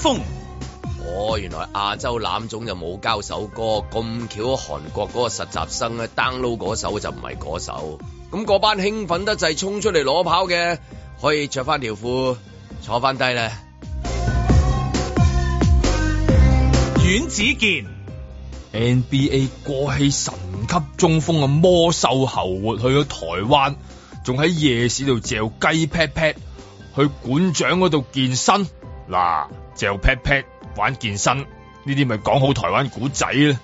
風哦，原來亞洲欖總就冇交首歌，咁巧韓國嗰個實習生咧 download 嗰首就唔係嗰首，咁嗰班興奮得滯衝出嚟裸跑嘅，可以着翻條褲坐翻低啦。阮子健，NBA 過氣神級中鋒嘅魔獸侯活去咗台灣，仲喺夜市度嚼雞 pat pat，去館長嗰度健身嗱。就劈 a pat 玩，健身呢啲咪講好台灣古仔啦。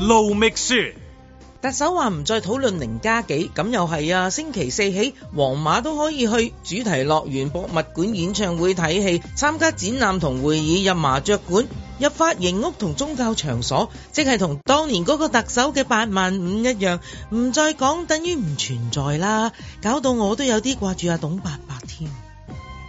路覓書特首話唔再討論零加幾咁又係啊。星期四起，皇馬都可以去主題樂園、博物館、演唱會睇戲，參加展覽同會議，入麻雀館、入髮型屋同宗教場所，即係同當年嗰個特首嘅八萬五一樣，唔再講等於唔存在啦。搞到我都有啲掛住阿董伯伯添。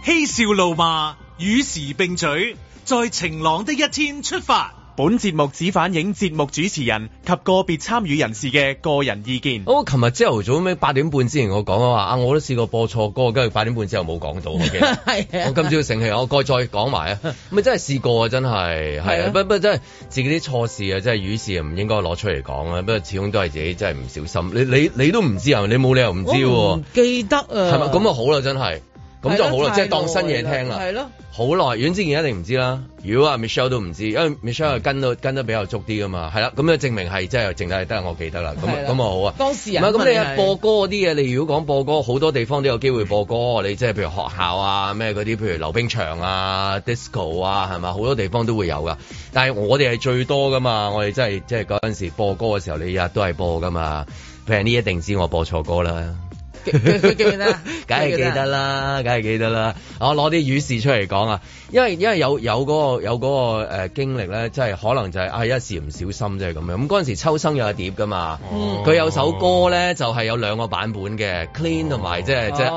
嬉笑怒罵，與時並舉。在晴朗的一天出發。本節目只反映節目主持人及個別參與人士嘅個人意見。我琴日朝頭早咩八點半之前我講啊嘛，啊我都試過播錯歌，跟住八點半之後冇講到。我今朝醒起我該再講埋 啊，咪真係試過啊，真係係啊，不不真係自己啲錯事啊，真係與時唔應該攞出嚟講啊，不過始終都係自己真係唔小心。你你你都唔知啊，你冇理由唔知喎。唔記得啊？係咪咁啊？就好啦，真係。咁就好啦，即係當新嘢聽啦。係咯，好耐，袁之前一定唔知啦。如果阿 Michelle 都唔知，因為 Michelle 跟到，跟得比較足啲噶嘛。係啦，咁就證明係即係淨係得我記得啦。咁咁啊好啊。當時人。咁你播歌嗰啲嘢，你如果講播歌，好多地方都有機會播歌。你即係譬如學校啊，咩嗰啲，譬如溜冰場啊、disco 啊，係咪？好多地方都會有噶。但係我哋係最多噶嘛，我哋真係即係嗰陣時播歌嘅時候，你日都係播噶嘛。譬如你一定知我播錯歌啦。 記記，記得，梗係記得啦，梗係記得啦。我攞啲語事出嚟講啊，因為因為有有嗰、那個有嗰、那個誒、呃、經歷咧，即係可能就係、是、啊一時唔小心即啫咁樣。咁嗰陣時秋生有一個碟噶嘛，佢、哦、有首歌咧就係、是、有兩個版本嘅 clean 同、哦、埋即係、哦、即係、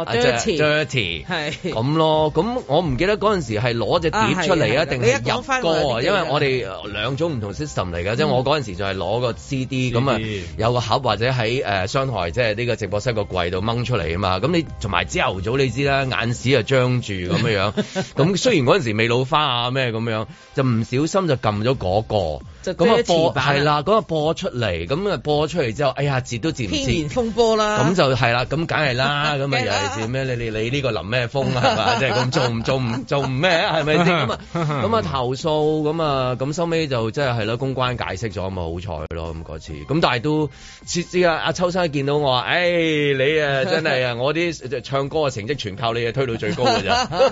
哦、dirty 係咁咯。咁我唔記得嗰陣時係攞隻碟出嚟啊，定係入歌啊？因為我哋兩種唔同 system 嚟噶、嗯，即係我嗰陣時就係攞個 CD 咁啊，有個盒或者喺誒商台即係呢個直播室個櫃度。崩出嚟啊嘛！咁你同埋朝頭早你知啦，眼屎啊張住咁樣，咁雖然嗰陣時未老花啊咩咁樣，就唔小心就撳咗嗰個，咁啊播係啦，咁啊播出嚟，咁啊播出嚟之後，哎呀，截都截唔切，自然風波啦，咁就係啦，咁梗係啦，咁啊又係接咩？你你你呢個淋咩風啊？係嘛，即係咁做唔做唔做唔咩？係咪先咁啊？咁 啊投訴，咁啊咁收尾就即係係啦，公關解釋咗啊好彩咯咁嗰次，咁但係都設施啊，阿秋生見到我話：，哎，你啊。」 真係啊！我啲唱歌嘅成績全靠你啊，推到最高嘅啫。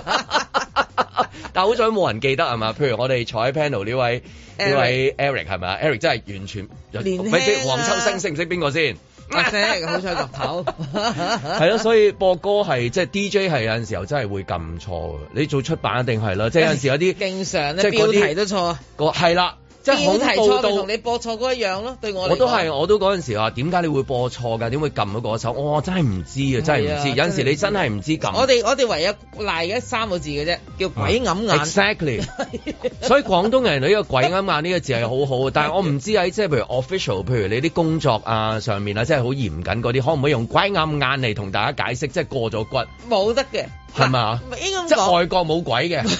但好彩冇人記得係嘛？譬如我哋坐喺 panel 呢位呢位 Eric 係咪？Eric 真係完全年輕、啊，黃秋生識唔識邊個先？唔、啊、識，好彩及頭。係咯，所以播歌係即係 DJ 係有陣時候真係會撳錯嘅。你做出版定係咯？即、就、係、是、有陣時有啲 經常咧標題都錯。係、那、啦、個。即係好播到同你播錯嗰一樣咯，對我我，我都係我都嗰陣時話點解你會播錯㗎？點會撳嗰個手？我真係唔知啊，真係唔知，知。有陣時你真係唔知撳。我哋我哋唯一賴咗三個字嘅啫，叫鬼揞眼。啊、exactly 所以廣東人呢個鬼揞眼呢個字係好好， 但係我唔知喺即係譬如 official，譬如你啲工作啊上面啊，即係好嚴謹嗰啲，可唔可以用鬼揞眼嚟同大家解釋？即係過咗骨。冇得嘅。係咪啊？即係外國冇鬼嘅。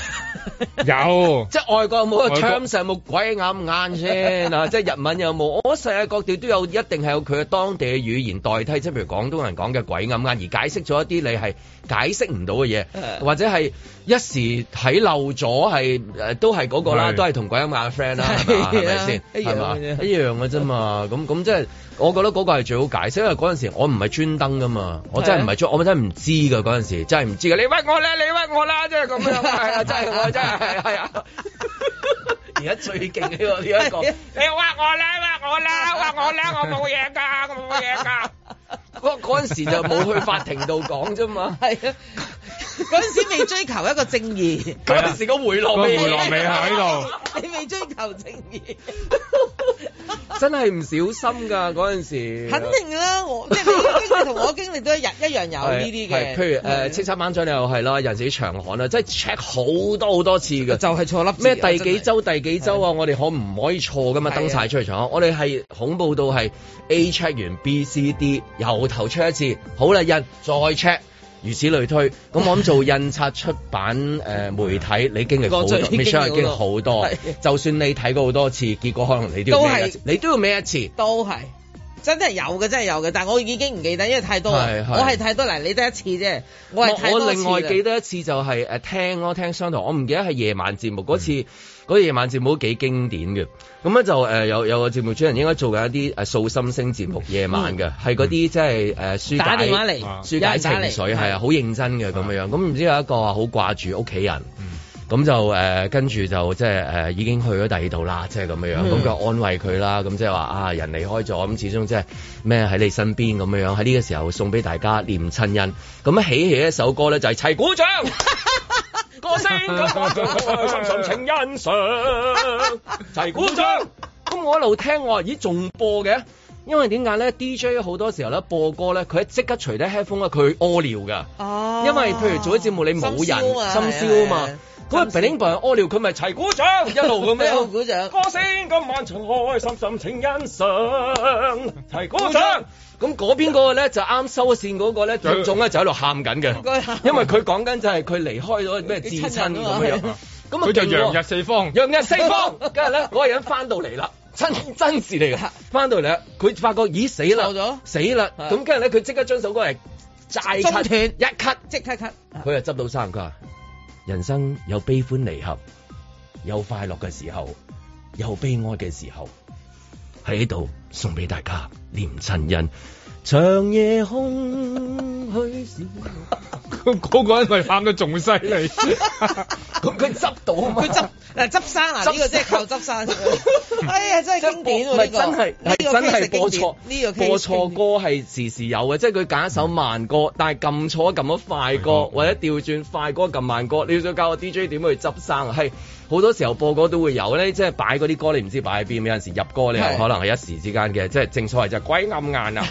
有，即係外國有冇啊？唱成幕鬼揞眼先啊！即係日文有冇？我諗世界各地都有，一定係有佢嘅當地嘅語言代替，即係譬如廣東人講嘅鬼揞眼，而解釋咗一啲你係解釋唔到嘅嘢，或者係一時睇漏咗，係誒都係嗰個啦，都係同鬼揞眼 friend 啦，係咪先？係嘛？一樣嘅啫嘛！咁咁即係，我覺得嗰個係最好解釋，因為嗰陣時我唔係專登噶嘛，我真係唔係專，我真係唔知噶嗰陣時，真係唔知噶，你屈我啦，你屈我啦，即係咁樣，係啊，真係我真。係 啊， 係啊！而家最勁呢個呢一個， 你話我啦，話我啦，話我啦，我冇嘢噶，我冇嘢噶。嗰嗰陣時就冇去法庭度講啫嘛，係啊！嗰陣時未追求一個正義，嗰陣、啊、 時個回落未，回落未喺度， 你未追求正義， 真係唔小心㗎嗰陣時。肯定啦，我即係你經歷同我經歷都一一樣有呢啲嘅，譬如、呃、七清班長又係啦，人死長寒啊，即係 check 好多好多次㗎， 就係錯粒咩第幾週第幾週啊？啊我哋可唔可以錯㗎嘛、啊？登晒出嚟長、啊、我哋係恐怖到係 A check 完 B C D 又，無頭出一次，好啦印再 check，如此類推。咁我諗做印刷出版誒、 呃、媒體，你經歷好多，經歷好多,多,多。就算你睇過好多次，結果可能你要都要搣一次，你都要咩一次，都係真係有嘅，真係有嘅。但係我已經唔記得，因為太多，我係太多。嚟，你得一次啫，我係我,我另外記得一次就係誒聽咯，聽商台，我唔記得係夜晚節目嗰次。嗯嗰、那、夜、個、晚節目都幾經典嘅，咁咧就誒、呃、有有個節目主人應該做緊一啲誒訴心聲節目夜晚嘅，係嗰啲即係誒輸打電話嚟抒解情緒係啊，好認真嘅咁樣樣。咁唔知有一個好掛住屋企人，咁、嗯、就誒跟住就即係誒已經去咗第二度啦，即係咁樣樣。咁、嗯、就安慰佢啦，咁即係話啊人離開咗，咁始終即係咩喺你身邊咁樣樣。喺呢個時候送俾大家念親恩，咁起起一首歌咧就係、是、齊鼓掌。 歌星今晚唱開心心請欣賞，齊鼓掌。咁 我一路聽我話，咦仲播嘅？因為點解咧？DJ 好多時候咧播歌咧，佢係即刻除低 headphone 佢屙尿噶。哦。因為譬如做啲節目你冇人，心消啊深嘛。咁啊，bring bring 屙尿，佢咪，咪、呃、齊鼓掌一路嘅咩？鼓掌。歌星今晚唱開心心請欣賞，齊鼓掌。咁嗰邊嗰個咧就啱收線嗰個咧，群眾咧就喺度喊緊嘅，因為佢講緊就係佢離開咗咩至親咁樣，咁就揚日四方，揚日四方。跟住咧，我、嗰個人翻到嚟啦，真真事嚟噶，翻到嚟啦，佢發覺咦死啦，死啦，咁跟住咧，佢即刻將首歌嚟債 cut 一 cut 即刻 cut。佢又執到三個。人生有悲歡離合，有快樂嘅時候，有悲哀嘅時候。喺度送俾大家，念親恩，長夜空虛少，嗰 個人咪喊得仲犀利。咁佢執到啊，佢執執生啊，呢、這個真係靠執生。 哎呀，真係經典呢真係呢、這個、真係、這個這個這個、經典。呢個播錯歌係時時有嘅，即係佢揀一首慢歌，嗯、但係撳錯一撳咗快歌， 或者調轉快歌撳慢歌。你要再教我 DJ 點去執生啊？係。好多時候播歌都會有咧，即係擺嗰啲歌你唔知擺喺邊。有陣時入歌咧，可能係一時之間嘅，啊、即係正所謂就係鬼暗眼啊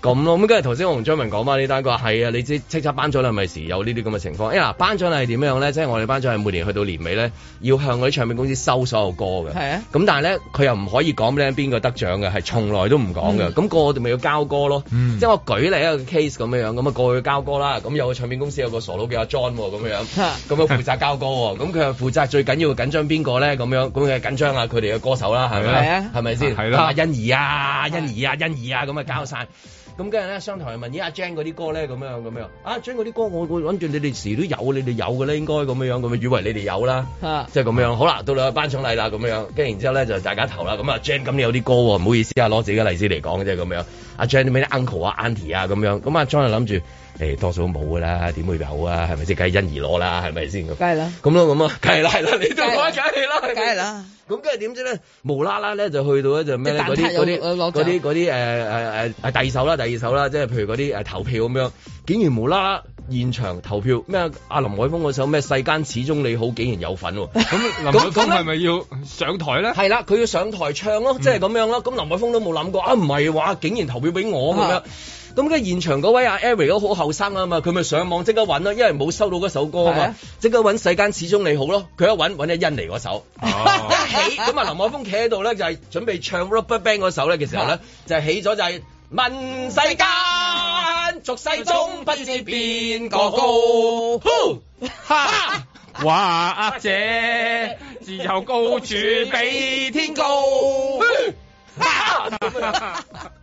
咁 咯。咁跟住頭先我同張文講嘛，呢丹哥話係啊，你知叱咤班獎啦，咪時有呢啲咁嘅情況。因為嗱頒獎係點樣咧？即係我哋頒獎係每年去到年尾咧，要向嗰啲唱片公司收所有歌嘅。咁、啊、但係咧，佢又唔可以講俾人邊個得獎嘅，係從來都唔講嘅。咁我哋咪要交歌咯。嗯、即係我舉例一個 case 咁樣樣，咁啊過去交歌啦。咁有個唱片公司有個傻佬叫阿 John 咁樣，咁樣負責交歌喎。咁佢又負責最緊要緊張邊個咧？咁樣咁嘅緊張下佢哋嘅歌手啦，係咪啊？係咪先？係啦，欣宜啊，欣宜啊，啊，欣宜啊，咁啊搞晒。咁跟住咧，商台又問，咦，阿 Jan 嗰啲歌咧？咁樣咁樣啊，Jan 嗰啲歌我會諗住你哋時都有，你哋有嘅咧，應該咁樣樣，咁啊以為你哋有啦，即係咁樣。好啦，到啦頒獎禮啦，咁樣，跟住然之後咧就大家投啦。咁啊，Jan 咁你有啲歌，唔好意思拿、就是、啊，攞自己嘅例子嚟講嘅啫，咁樣。阿 Jan 啲咩 uncle 啊，auntie 啊，咁樣。咁阿 John 又諗住。嗯、多數冇噶啦，點會有啊？係咪先？梗係因而攞啦，係咪先？梗係啦。咁咯，咁咯，係啦，係啦，你都講緊係啦，梗係啦。咁跟住點知咧？無啦啦咧就去到咧就咩嗰啲嗰啲啲啲誒誒誒第二首啦，第二首啦，即係譬如嗰啲誒投票咁樣，竟然無啦啦現場投票咩？阿林海峰嗰首咩世間始終你好，竟然有份喎，哦！咁 林海峯係咪要上台咧？係、啊、啦，佢 要上台唱咯，哦，即係咁樣咯。咁林海峰都冇諗過啊，唔係話竟然投票俾我咁樣。啊。咁嘅現場嗰位阿 Eric 都好後生啊嘛，佢咪上網即刻揾咯，因為冇收到嗰首歌啊，即刻揾世間始終你好咯，佢一揾揾阿欣妮嗰首，一起咁啊！林海峰企喺度咧，就係、是、準備唱 Rubber Band 嗰首咧嘅時候咧，就是、起咗就係、是、問世間，俗世中不知邊個高， 哇阿姐自有高處比天高。 啊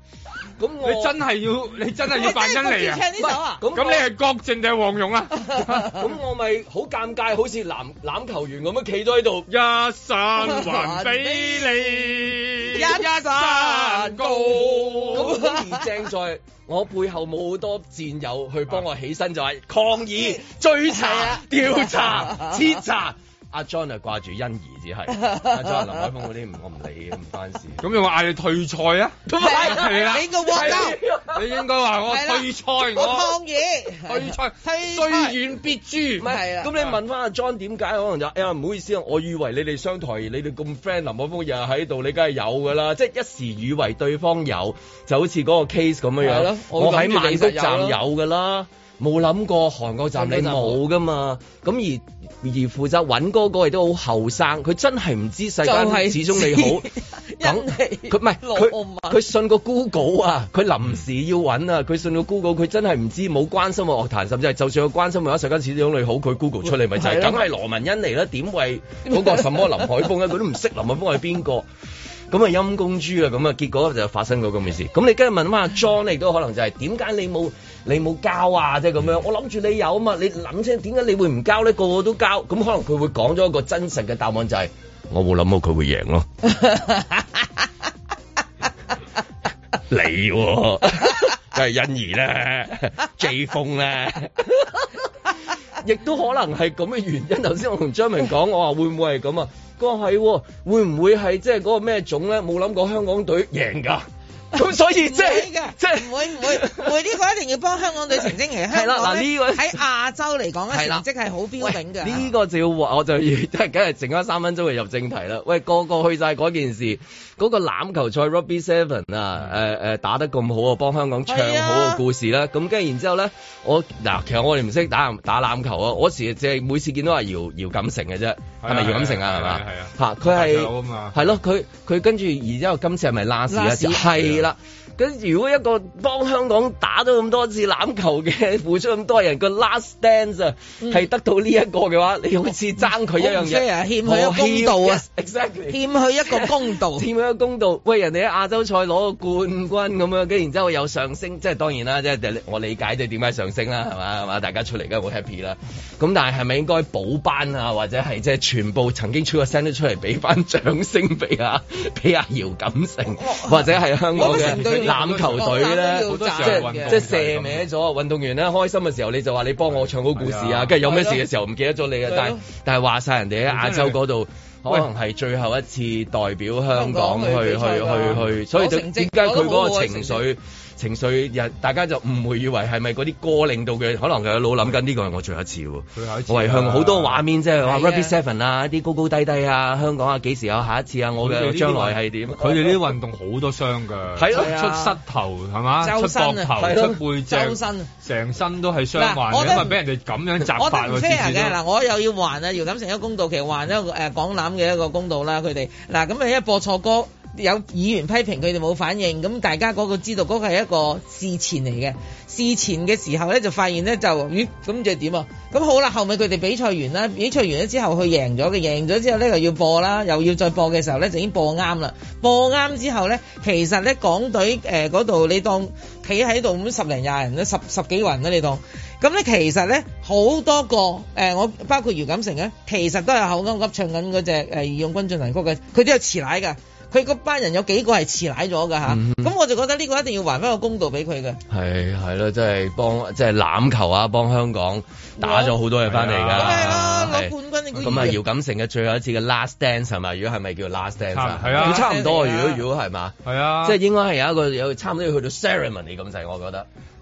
我你真係要，你真係要扮恩嚟啊！咁咁你係、啊、郭靖定係黃蓉啊？咁 我咪好尷尬，好似籃籃球員咁樣企咗喺度。一山還比你，一山高。咁而 正在，我背後冇好多戰友去幫我起身，就係、是、抗議、追查、調 查、徹查。阿 John 係掛住欣兒只係，阿 John 林海峰嗰啲我唔理唔關事。咁你冇嗌你退賽啊？唔 係是啦， 你應該，你應該話我退賽， 我當然。 退賽賽，退 賽，雖遠必誅。唔 係是啦，咁 你問翻阿 John 點解？ 可能就，哎呀唔好意思，我以為你哋商台，你哋咁 friend 林海峰日日喺度，你梗係有噶啦，即係一時以為對方有，就好似嗰個 case 咁樣樣，我喺地鐵站有噶啦。冇諗過韓國站，你冇㗎嘛？咁而而負責搵嗰個亦都好後生，佢真係唔知世間始終你好。佢唔係佢佢信個 Google 啊！佢臨時要搵啊！佢信個 Google，佢真係唔知冇關心過樂壇，甚至係就算佢關心過一世間始終你好，佢 Google 出嚟咪就係、是。梗係羅文欣嚟啦，點為嗰個什麼林海峰咧、啊？佢都唔識林海峰係邊個？咁啊陰公豬啊！咁啊結果就發生咗咁嘅事。咁你跟住問翻阿 John 亦都可能就係點解你冇？你冇交啊，即係咁樣。我諗住你有啊嘛，你諗清點解你會唔交咧？個個都交，咁可能佢會講咗一個真實嘅答案、就是，就係我冇諗到佢會贏咯。你 真係欣宜咧，J 風咧，亦 都可能係咁嘅原因。頭先我同張明講，我話會唔會係咁啊？佢話係，會唔會係即係嗰個咩種咧？冇諗過香港隊贏噶。咁 所以即係唔會唔、就是、會會呢 個一定要幫香港隊 成績，而香港喺亞洲嚟講咧成績係好標炳嘅。呢、這個就我就要即係梗係剩翻三分鐘就入正題啦。喂，個個去晒嗰件事。嗰、那個欖球賽 Rugby Seven 啊、呃，打得咁好啊，幫香港唱好個故事啦。咁跟、啊、然之後呢，我嗱其實我哋唔識打籃球是啊，是是是啊，是啊，啊。我時淨係每次見到係姚姚錦成嘅啫，係咪姚錦成啊？係咪？係嚇，佢係係咯，佢佢跟住而家後今次係咪拉屎啊？係啦。咁如果一個幫香港打咗咁多次籃球嘅付出咁多人個 last dance 啊，係、嗯、得到呢一個嘅話，你好似爭佢一樣嘢，欠佢一個公道啊，yes, exactly, 欠佢一個公道，欠佢一,一個公道。喂，人哋喺亞洲賽攞個冠軍咁樣，跟然之後有上升，即係當然啦，即係我理解即係點解上升啦，係嘛係嘛？大家出嚟梗係好 happy 啦。咁但係係咪應該補班啊？或者係即係全部曾經 send 出嚟俾翻掌聲俾啊，俾阿、啊、姚錦成，或者係香港嘅？籃球隊咧、就是，即即射歪咗，運動員咧開心嘅時候你就話你幫我唱好故事啊，跟住、啊、有咩事嘅時候唔記得咗你啊，但係、啊、但係話晒人哋喺亞洲嗰度，可能係最後一次代表香港去去去去，所以點解佢嗰個情緒？情緒日，大家就誤會以為係咪嗰啲歌令到佢，可能佢有腦諗緊呢個係我最後一次喎。最後一次、啊。我係向好多畫面，即係話 Rugby Seven 啊，一啲、啊、高高低低啊，香港啊，幾時有下一次啊？我嘅將來係點？佢哋呢啲運動好多傷㗎。係咯、啊啊，出膝頭係嘛？周身、啊，頭、啊、出背周身、啊，成身都係傷患的我的，因為俾人哋咁樣襲我哋 fair 嘅嗱，我又要還啊！姚錦成一個公道，其實還咗誒、呃、港欖嘅一個公道啦。佢哋嗱咁啊，一播錯歌。有議員批評佢哋冇反應，咁大家嗰個知道嗰、嗰個係一個事前嚟嘅。事前嘅時候咧，就發現咧就咦咁就係點啊？咁好啦，後尾佢哋比賽完啦，比賽完咗之後佢贏咗嘅，贏咗之後咧又要播啦，又要再播嘅時候咧就已經播啱啦。播啱之後咧，其實咧港隊誒嗰度你當企喺度咁十零廿人啦，十十幾個人啦、啊，你當咁咧其實咧好多個誒、呃，我包括姚錦成咧，其實都係口後急唱緊嗰隻誒義勇軍進行曲嘅，佢都有遲奶㗎。佢個班人有幾個係賒奶咗㗎吓，咁、嗯、我就覺得呢個一定要還翻個公道俾佢嘅。係係咯，即係幫即係欖球啊，幫香港打咗好多嘢翻嚟㗎。係攞冠軍咁啊，姚錦成嘅最後一次嘅 last dance 係咪？如果係咪叫 last dance？係啊。差唔多啊，如果如果係嘛。係啊。即係應該係有一個有差唔多要去到 ceremony 咁滯，我覺得。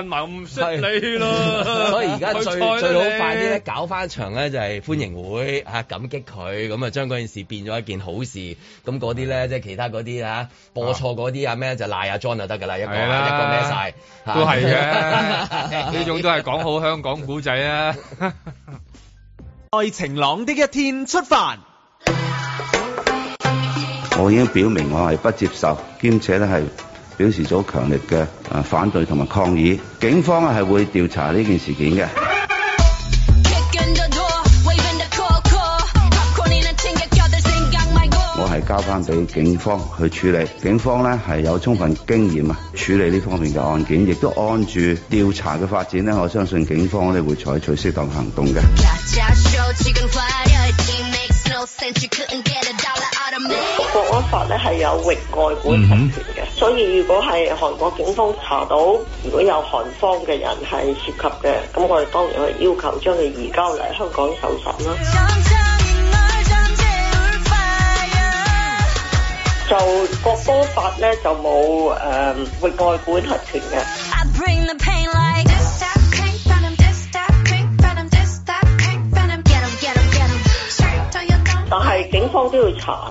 埋唔犀利咯， 所以而家最最好快啲咧，搞翻場咧就係歡迎會，吓、嗯、感激佢，咁啊將嗰件事變咗一件好事。咁嗰啲咧，即係其他嗰啲啊，播錯嗰啲啊咩就賴阿 John 就得噶啦，一個、啊、一個咩晒，都係嘅，呢 種都係講好香港古仔啊。 愛晴朗的一天出發。我已經表明我係不接受，兼且咧係。表示咗強烈嘅誒反對同埋抗議，警方係會調查呢件事件嘅。Oh. 我係交翻俾警方去處理，警方咧係有充分經驗啊處理呢方面嘅案件，亦都按住調查嘅發展咧，我相信警方咧會採取適當行動嘅。國安法咧係有域外管轄權嘅，所以如果係韓國警方查到，如果有韓方嘅人係涉及嘅，咁我哋當然可以要求將佢移交嚟香港受審啦。就國安法咧就冇誒域外管轄權嘅，但係警方都要查。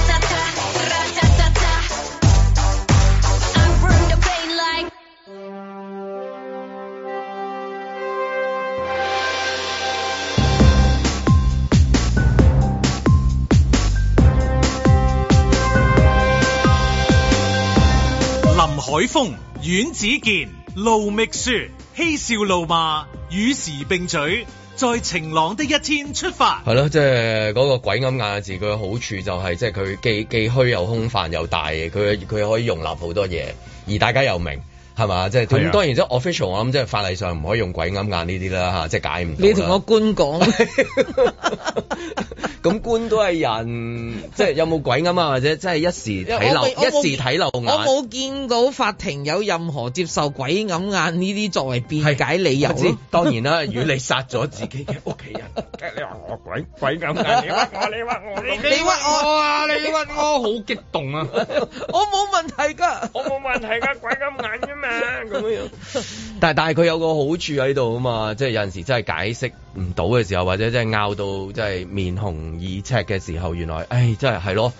風阮子健盧覓雪嬉笑怒罵與時並舉，在晴朗的一天出發。係咯，即係嗰個鬼咁眼嘅字，佢嘅好處就係即係佢既既虛又空泛又大嘅，佢佢可以容納好多嘢，而大家又明。係嘛，即係咁當然即係 official，我諗即係法例上唔可以用鬼揞眼呢啲啦嚇，即係解唔到。你同我官講，咁官都係人， 即係有冇鬼揞啊？或者即係一時睇漏，一時睇漏眼我。我冇見到法庭有任何接受鬼揞眼呢啲作為辯解理由先。當然啦，如果你殺咗自己嘅屋企人， 你話我鬼鬼揞眼，你話我，你話我，你話我啊！你話我好激動啊 我冇問題㗎，我冇問題㗎，鬼揞眼啫咩？咁 樣，但係但係佢有個好處喺度啊嘛，即係有陣時真係解釋唔到嘅時候，或者真係拗到真係、即係、面紅耳赤嘅時候，原來誒真係係咯，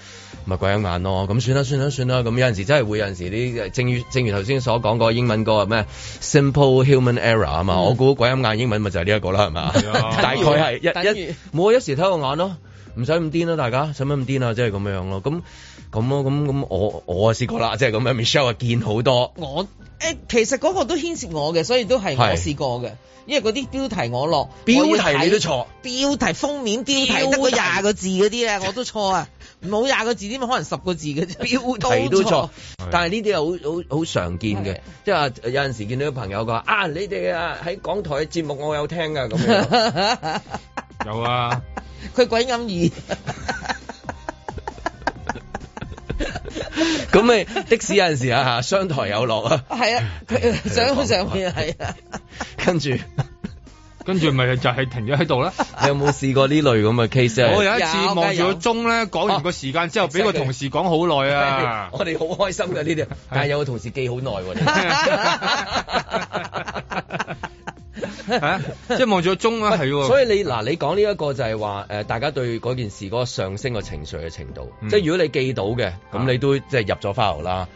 咪鬼咁眼咯，咁算啦算啦算啦，咁有陣時真係會有陣時啲正如正如頭先所講嗰個英文歌係咩 Simple Human Error 啊、嗯、嘛，我估鬼咁眼英文咪就係呢一個啦，係嘛， 大概係一一冇一,一時睇個眼咯，唔使咁癲啦，大家使乜咁癲啊，即係咁樣樣咯，咁咁咯，咁咁我我啊試過啦，即係咁樣，Michelle 見好多我。我誒，其實嗰個都牽涉我嘅，所以都係我試過嘅。因為嗰啲標題我落，標題你都錯，標題封面標題得個廿個字嗰啲啊， 我都錯啊，冇廿個字點可能十個字嘅標題都錯。但係呢啲係好好好常見嘅，啊，即係話有陣時見到朋友講啊，你哋啊喺港台嘅節目我有聽啊。」咁 樣有啊，佢鬼陰兒。 咁 咪的士有陣時有啊，商台有落啊，係啊，上好上去啊，係啊，啊 跟住着 跟住咪就係停咗喺度啦。 你有冇試過呢類咁嘅 case 啊？我有一次望住個鐘咧，講完個時間，啊、之後，俾個同事講好耐啊。我哋好開心㗎呢啲，但係有個同事記好耐，啊。 係即係望咗個鐘啊，係喎。所以你嗱，你講呢一個就係話，誒、呃，大家對嗰件事嗰個上升個情緒嘅程度，嗯、即係如果你記到嘅，咁、嗯、你都即係入咗花 i 啦。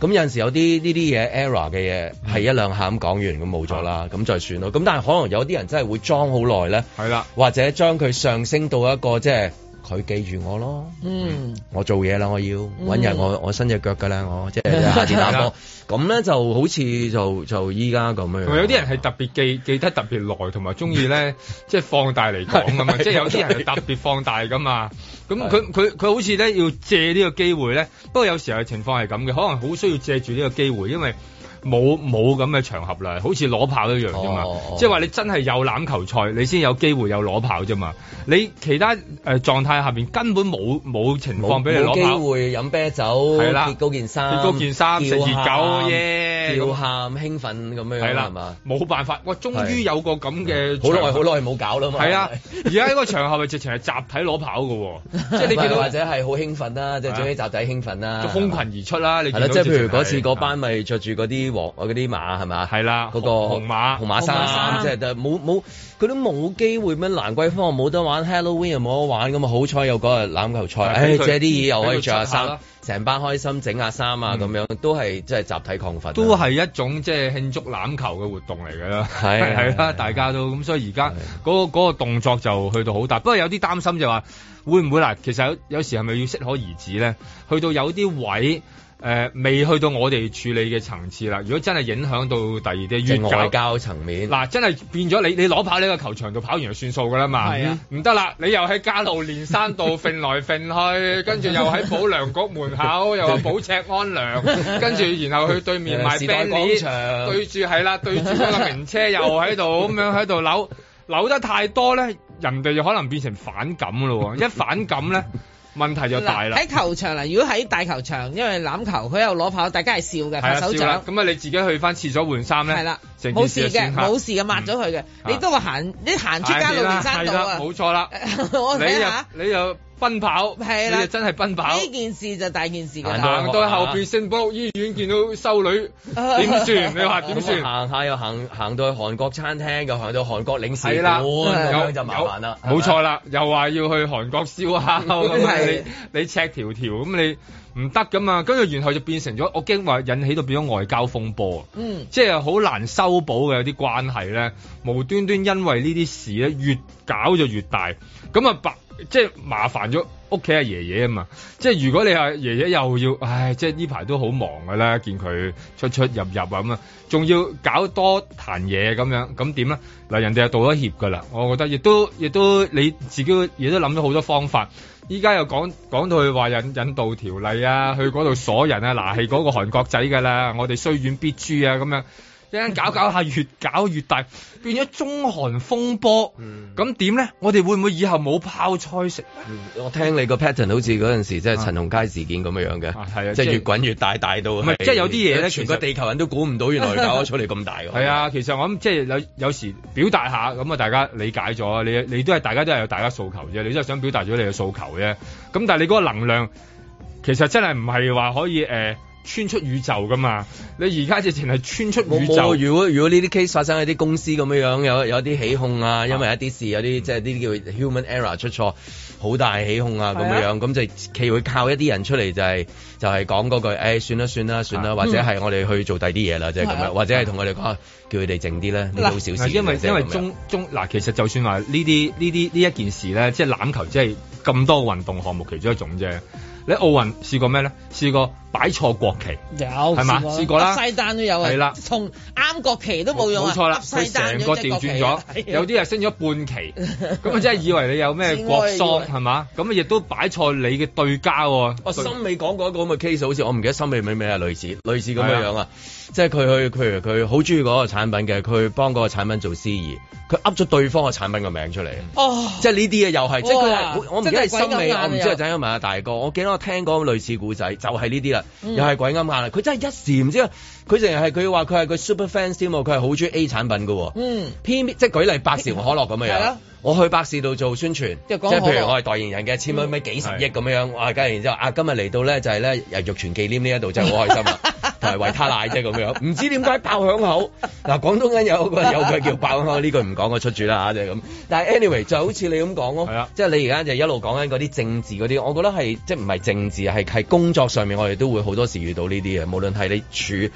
咁、嗯、有陣時候有啲呢啲嘢 error 嘅嘢，係、嗯、一兩下咁講完，咁冇咗啦，咁、嗯、再算咯。咁但係可能有啲人真係會裝好耐咧，係啦，或者將佢上升到一個即係。就是佢記住我咯，嗯，我做嘢啦，我要揾、嗯、人我，我我伸隻腳噶啦，我即係下次打波，咁 咧就好似就就依家咁樣。嗯、有啲人係特別記記得特別耐，同埋中意咧，即 係放大嚟講噶嘛，即 係、就是、有啲人係特別放大噶嘛，咁佢佢佢好似咧要借呢個機會咧，不過有時候情況係咁嘅，可能好需要借住呢個機會，因為。冇冇咁嘅場合啦，好似攞炮一樣啫嘛。即係話你真係有籃球賽，你先有機會有攞炮啫嘛。你其他誒、呃、狀態下邊根本冇冇情況俾你攞炮。冇機會飲啤酒，脱高件衫，脱高件衫，食熱狗耶，叫喊, yeah, 叫喊, yeah, 叫喊興奮咁樣。係啦，係嘛？冇辦法，哇！終於有個咁嘅好耐好耐冇搞啦嘛。係啊，而家呢個場合咪 直情係集體攞炮嘅喎，即 係你得或者係好興奮啦，即係總之集體興奮啦，空群而出啦。你即係譬如嗰次嗰班咪、就是、著住啲。王啊！嗰啲馬係咪？係啦，嗰個紅馬、紅、那個、馬即係冇冇，佢都冇機會咩？蘭桂坊冇得玩，Halloween 又冇得玩咁啊！好彩有嗰個欖球賽，誒，嗯哎、借啲嘢又可以着下衫，成、嗯、班開心整下衫啊咁樣，都係即係集體亢奮都係一種即係、就是、慶祝欖球嘅活動嚟嘅啦。係啦， 大家都咁，所以而家嗰個嗰、那個、動作就去到好大。不過有啲擔心就話，會唔會嗱？其實有，有時時係咪要適可而止咧？去到有啲位。誒、呃、未去到我哋處理嘅層次啦，如果真係影響到第二啲冤界交層面，嗱、啊、真係變咗你你攞跑呢個球場度跑完就算數㗎啦嘛，唔得、啊、啦，你又喺加路連山道揈 來揈去，跟住又喺保良局門口 又話保赤安良，跟住然後去對面賣冰啲，對住係啦，對住嗰個名車又喺度咁樣喺度扭 扭得太多咧，人哋就可能變成反感咯，一反感咧。問題就大啦！喺球場啦，如果喺大球場，因為籃球佢有裸跑，大家係笑嘅，拍手掌。咁啊，你自己去翻廁所換衫咧？係啦，冇事嘅，冇事嘅，抹咗佢嘅。你都話行，你行出街路邊山道啊，冇錯啦。你又？你又奔跑係啦，你真係奔跑呢件事就大件事嘅。行到，到後邊聖，保、啊、醫院見到修女，點算、啊？你話點算？行下又行，行到韓國餐廳，又行到韓國領事館，咁就麻煩啦。冇錯啦，又話要去韓國燒烤咁， 你你赤條條咁，你唔得噶嘛？跟住然後就變成咗，我驚話引起到變咗外交風波。嗯，即係好難修補嘅有啲關係咧，無端端因為呢啲事咧，越搞就越大。咁啊，白。即係麻煩咗屋企阿爺爺啊嘛，即係如果你阿爺爺又要，唉，即係呢排都好忙噶啦，見佢出出入入啊咁啊，仲要搞多壇嘢咁樣，咁點咧？嗱，人哋又道咗歉噶啦，我覺得亦都亦都你自己亦都諗咗好多方法，依家又講講到去話引引渡條例啊，去嗰度鎖人啊，嗱係嗰個韓國仔噶啦，我哋雖遠必誅啊咁樣。一陣間搞搞下，越搞越大，變咗中韓風波。咁點咧？我哋會唔會以後冇泡菜食？我聽你個 pattern 好似嗰陣時即係、啊就是、陳同佳事件咁樣嘅，啊，即係、啊就是、越滾越大，大到即係有啲嘢咧，全個地球人都估唔到，原來搞出嚟咁大嘅。係 啊，其實我諗即係有有時表達下，咁啊大家理解咗。你你都係大家都係有大家訴求啫，你都係想表達咗你嘅訴求啫。咁但係你嗰個能量其實真係唔係話可以、呃穿出宇宙噶嘛？你而家直情係穿出宇宙。如果如果呢啲 case 發生一啲公司咁樣有有啲起哄啊，啊，因為一啲事有啲即係呢啲叫 human error 出錯，好大起哄啊咁、啊、樣咁就企會靠一啲人出嚟就係、是、就係講嗰句誒、哎，算啦算啦算啦、啊，或者係我哋去做第啲嘢啦，即係咁樣、啊，或者係同我哋講叫佢哋靜啲咧，好小事。因為、就是、因為中中嗱，其實就算話呢啲呢啲呢一件事咧，即係籃球，即係咁多運動項目其中一種啫。你奧運試過咩咧？試過。擺錯國旗有係嘛？試過啦，西單都有係啦，從啱國旗都冇用，冇錯啦，佢成個調轉咗、那個，有啲人升咗半旗，咁啊真係以為你有咩國喪，係嘛，咁啊 亦都擺錯你嘅對家、哦對。我森美講過一個咁嘅 case，好似我唔記得森美美美係類似類似咁嘅樣啊，即係佢去，譬如佢好中意嗰個產品嘅，佢幫嗰個產品做司儀，佢噏咗對方嘅產品個名出嚟。哦，即係呢啲啊又係，即係我唔知係森美，我唔知啊，想問下大哥，我記得我聽講類似故仔就係呢啲啦。又、嗯、係鬼啱眼啦！佢真係一時唔知啊！佢淨係佢話佢係個 super fan 先喎，佢係好中意 A 產品噶，嗯，偏偏即係舉例百事可樂咁嘅樣，P, 我去百事度做宣傳，即係譬如我係代言人嘅，千蚊咪、嗯、幾十億咁樣我哇！梗住然之後啊，今日嚟到咧就係、是、咧由玉泉忌廉呢一度真係好開心啊！ 係維他奶啫咁樣，唔知點解爆響口。嗱，廣東人有一個有句叫爆響口，呢句唔講個出處啦嚇，就係咁。但係 anyway，就好似你咁講咯，即 係你而家就一路講緊嗰啲政治嗰啲，我覺得係即係唔係政治，係係工作上面我哋都會好多時遇到呢啲嘅，無論係你處。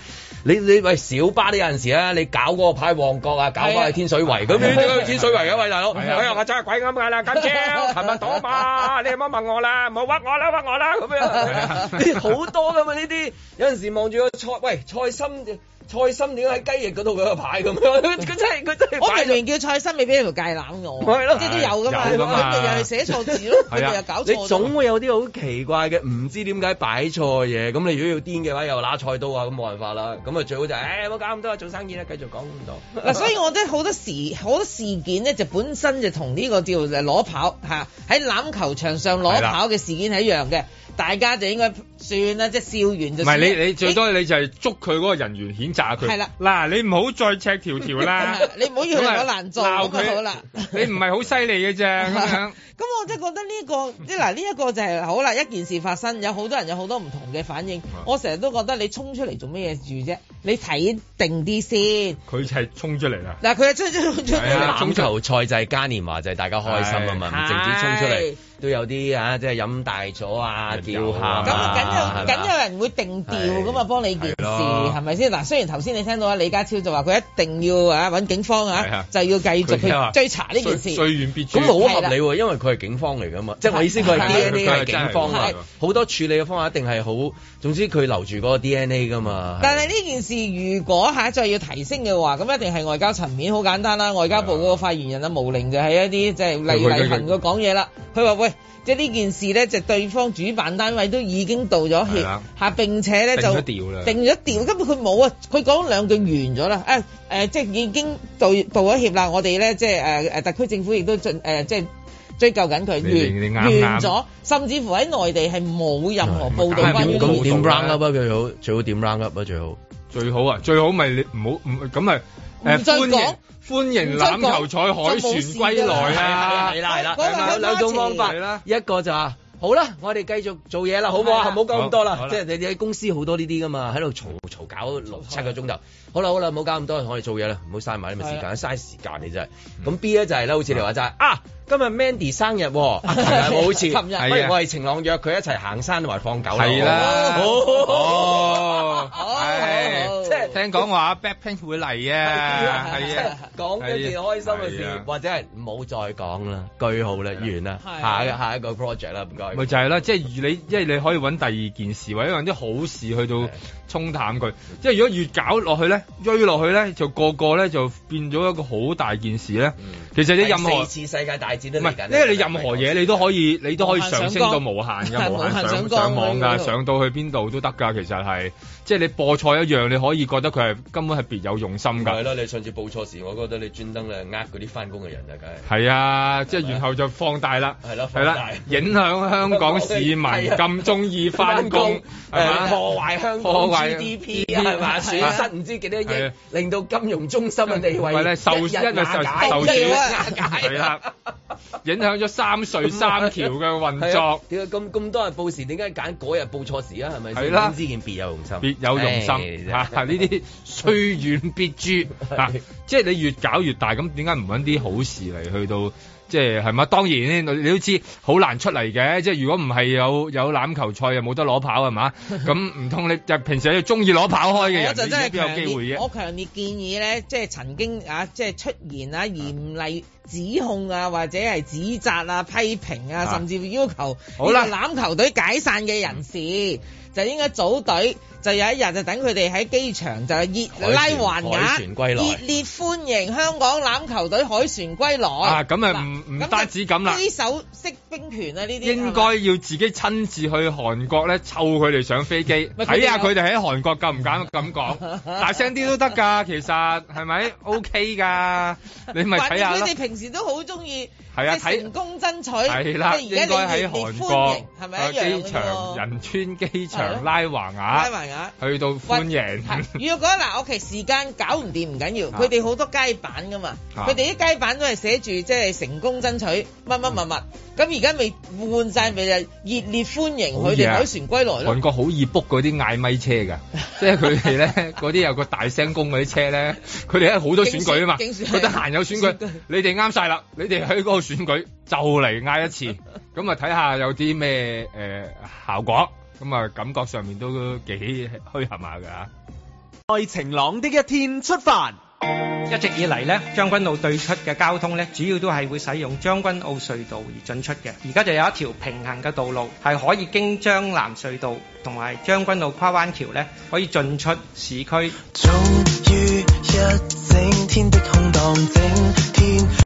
你你喂小巴啲有陣時啊，你搞嗰個派旺角啊搞嗰個天水圍，咁你去天水圍啊，啊喂大佬，啊啊啊。我又係真係鬼咁㗎啦，跟車係咪黨啊？你係咪問我啦，唔好屈我啦，屈我啦咁樣，好多噶嘛呢啲。有陣時望住個菜，喂菜心。.菜心點解喺雞翼嗰度嗰個牌咁樣？佢 真係佢真係，我明明叫菜心你條，你俾條芥蘭我，即係都有噶嘛？是的的嘛他又係寫錯字咯，是他又搞錯。你總會有啲好奇怪嘅，唔知點解擺錯嘢。咁你如果要癲嘅話，又拿菜刀啊，咁冇辦法啦。咁啊，最好就係、是、誒，冇、哎、搞咁多，做生意啦，繼續講咁多。 所以我覺得好多時好多事件咧，就本身就同呢個叫做攞跑吓喺籃球場上攞跑嘅事件係一樣嘅。大家就應該算啦，即係笑完就算了。唔係你你最多你就係捉佢嗰個人員譴責佢。係啦，嗱你唔好再赤條條啦、 那個。你唔好越我難做。鬧佢好啦，你唔係好犀利嘅啫。咁我真係覺得呢、這個即係嗱呢一個就係、是、好啦，一件事發生，有好多人有好多唔同嘅反應。 我成日都覺得你衝出嚟做咩嘢住啫？你睇定啲先。佢係衝出嚟啦。嗱佢係衝出嚟。足球 賽制嘉年華就係、是、大家開心啊嘛，唔淨衝出嚟。哎都有啲啊，即係飲大咗啊，叫下咁啊、嗯，緊有緊有人會定調咁啊，幫你件事係咪先？嗱，雖然頭先你聽到啊，李家超就話佢一定要啊揾警方啊，就要繼續去追查呢件事，最遠必追查，咁好合理，因為佢係警方嚟噶嘛，即係我意思佢係 D N A 嘅警方，好多處理嘅方法一定係好，總之佢留住嗰個 D N A 噶嘛。但係呢件事如果下一、啊、再要提升嘅話，咁一定係外交層面，好簡單啦。外交部嗰個發言人啊，毛寧就係一啲即係例行佢講嘢啦，佢話。即係呢件事咧，就對方主辦單位都已經道咗歉嚇，並且咧就定咗調根本佢冇啊！佢講兩句完咗啦，哎呃。即係已經道道咗歉啦。我哋咧即係、呃、特區政府亦都盡、呃、即係追究緊佢完咗，甚至乎喺內地係冇任何報導。點 round up 最好，最好點 round up，啊、最好，最好啊！最好咪唔好唔咁咪。歡迎歡迎籃球賽凱旋歸來啊！係啦係啦，有兩種方法，啊，一個就話好啦，我哋繼續做嘢啦，好唔好啊？唔好講咁多啦，即係你哋喺公司好多呢啲噶嘛，喺度嘈嘈搞六七個鐘頭。好啦好啦，唔好啦搞咁多，可以做嘢啦，唔好嘥埋呢個時間，嘥時間你真係。咁、嗯、B 咧就係、是、呢，好似你話齋，啊,啊今日 Mandy 生日，好似琴日我係晴朗約佢一齊行山同埋放狗啦，係啦，好、哦、係，即、哦、係、哦哦哦、聽講話 BLACKPINK 會嚟啊，係，講一件開心嘅事，或者係唔好再講啦，句號啦，完啦，下一下一個 project 啦，唔該。咪就係啦即係你，因、就、為、是就是你,就是、你可以揾第二件事，或者揾啲好事去到。沖淡佢，即係如果越搞落去咧，追落去咧，就個個呢，就變咗一個好大件事咧、嗯。其實你任何四次世界大戰都唔係，因為你任何嘢你都可以，你都可以上升到無限嘅無限上，無限上，上，無限上，上，上網㗎，上到去邊度都得㗎。其實係即係你播錯一樣，你可以覺得佢係根本係別有用心㗎。係咯，你上次播錯時，我覺得你專登咧呃嗰啲翻工嘅人啊，梗係係啊，即係然後就放大啦，係咯，係啦，影響香港市民咁中意翻工，係 破壞香港。GDP, GDP 啊，係嘛損失唔知幾多嘢，令到、啊、金融中心嘅地位一受，受，解，係啊，啊受 影響咗三隧三橋嘅運作。點解咁咁多人報時？點解揀嗰日報錯時是是是啊？係咪、啊？係啦，點知件別有用心，別有用心啊！呢啲雖遠必誅，即係你越搞越大，咁點解唔揾啲好事嚟去到？即係係嘛，當然你都知好難出嚟嘅。即、就、係、是、如果唔係有有欖球賽又冇得攞跑係嘛？咁唔通你就平時你中意攞跑開嘅？ 我就真機會嘅我強烈建議咧，即係曾經啊，即係出現啊、嚴厲指控啊、或者係指責啊、批評啊,啊，甚至要求好啦欖球隊解散嘅人士，嗯、就應該組隊就有一日就等佢哋喺機場就熱拉橫額歸來熱烈歡迎香港欖球隊凱旋歸來啊，咁啊唔唔單止咁啦，呢手釋兵權啊呢啲。應該要自己親自去韓國咧，湊佢哋上飛機，睇下佢哋喺韓國夠唔夠咁講，大聲啲都得㗎， 其實係咪 OK 㗎？你咪睇下佢哋平時都好中意嘅成功爭取。係啦、啊，應該喺韓國機場仁川機場拉橫額去到歡迎。如果嗱，我、啊、其時間搞唔掂唔緊要，佢哋好多街板噶嘛，佢哋啲街板都係寫住即係成功爭取乜乜乜物。咁而家未換晒咪就熱烈歡迎佢哋海船歸來。韓國好易 book 嗰啲嗌咪車㗎， 即係佢哋咧嗰啲有個大聲公嗰啲車咧，佢哋喺好多選舉啊嘛，得閒有選舉，你哋啱晒啦，你哋喺嗰個選舉就嚟嗌一次，咁啊睇下有啲咩誒效果。咁啊，感覺上面都幾虛恆下㗎。在晴朗的一天出發，一直以嚟呢將軍澳對出嘅交通呢，主要都係會使用將軍澳隧道而進出嘅。而家就有一條平行嘅道路，係可以經將南隧道同埋將軍澳跨灣橋呢，可以進出市區。終於，一整天嘅空檔。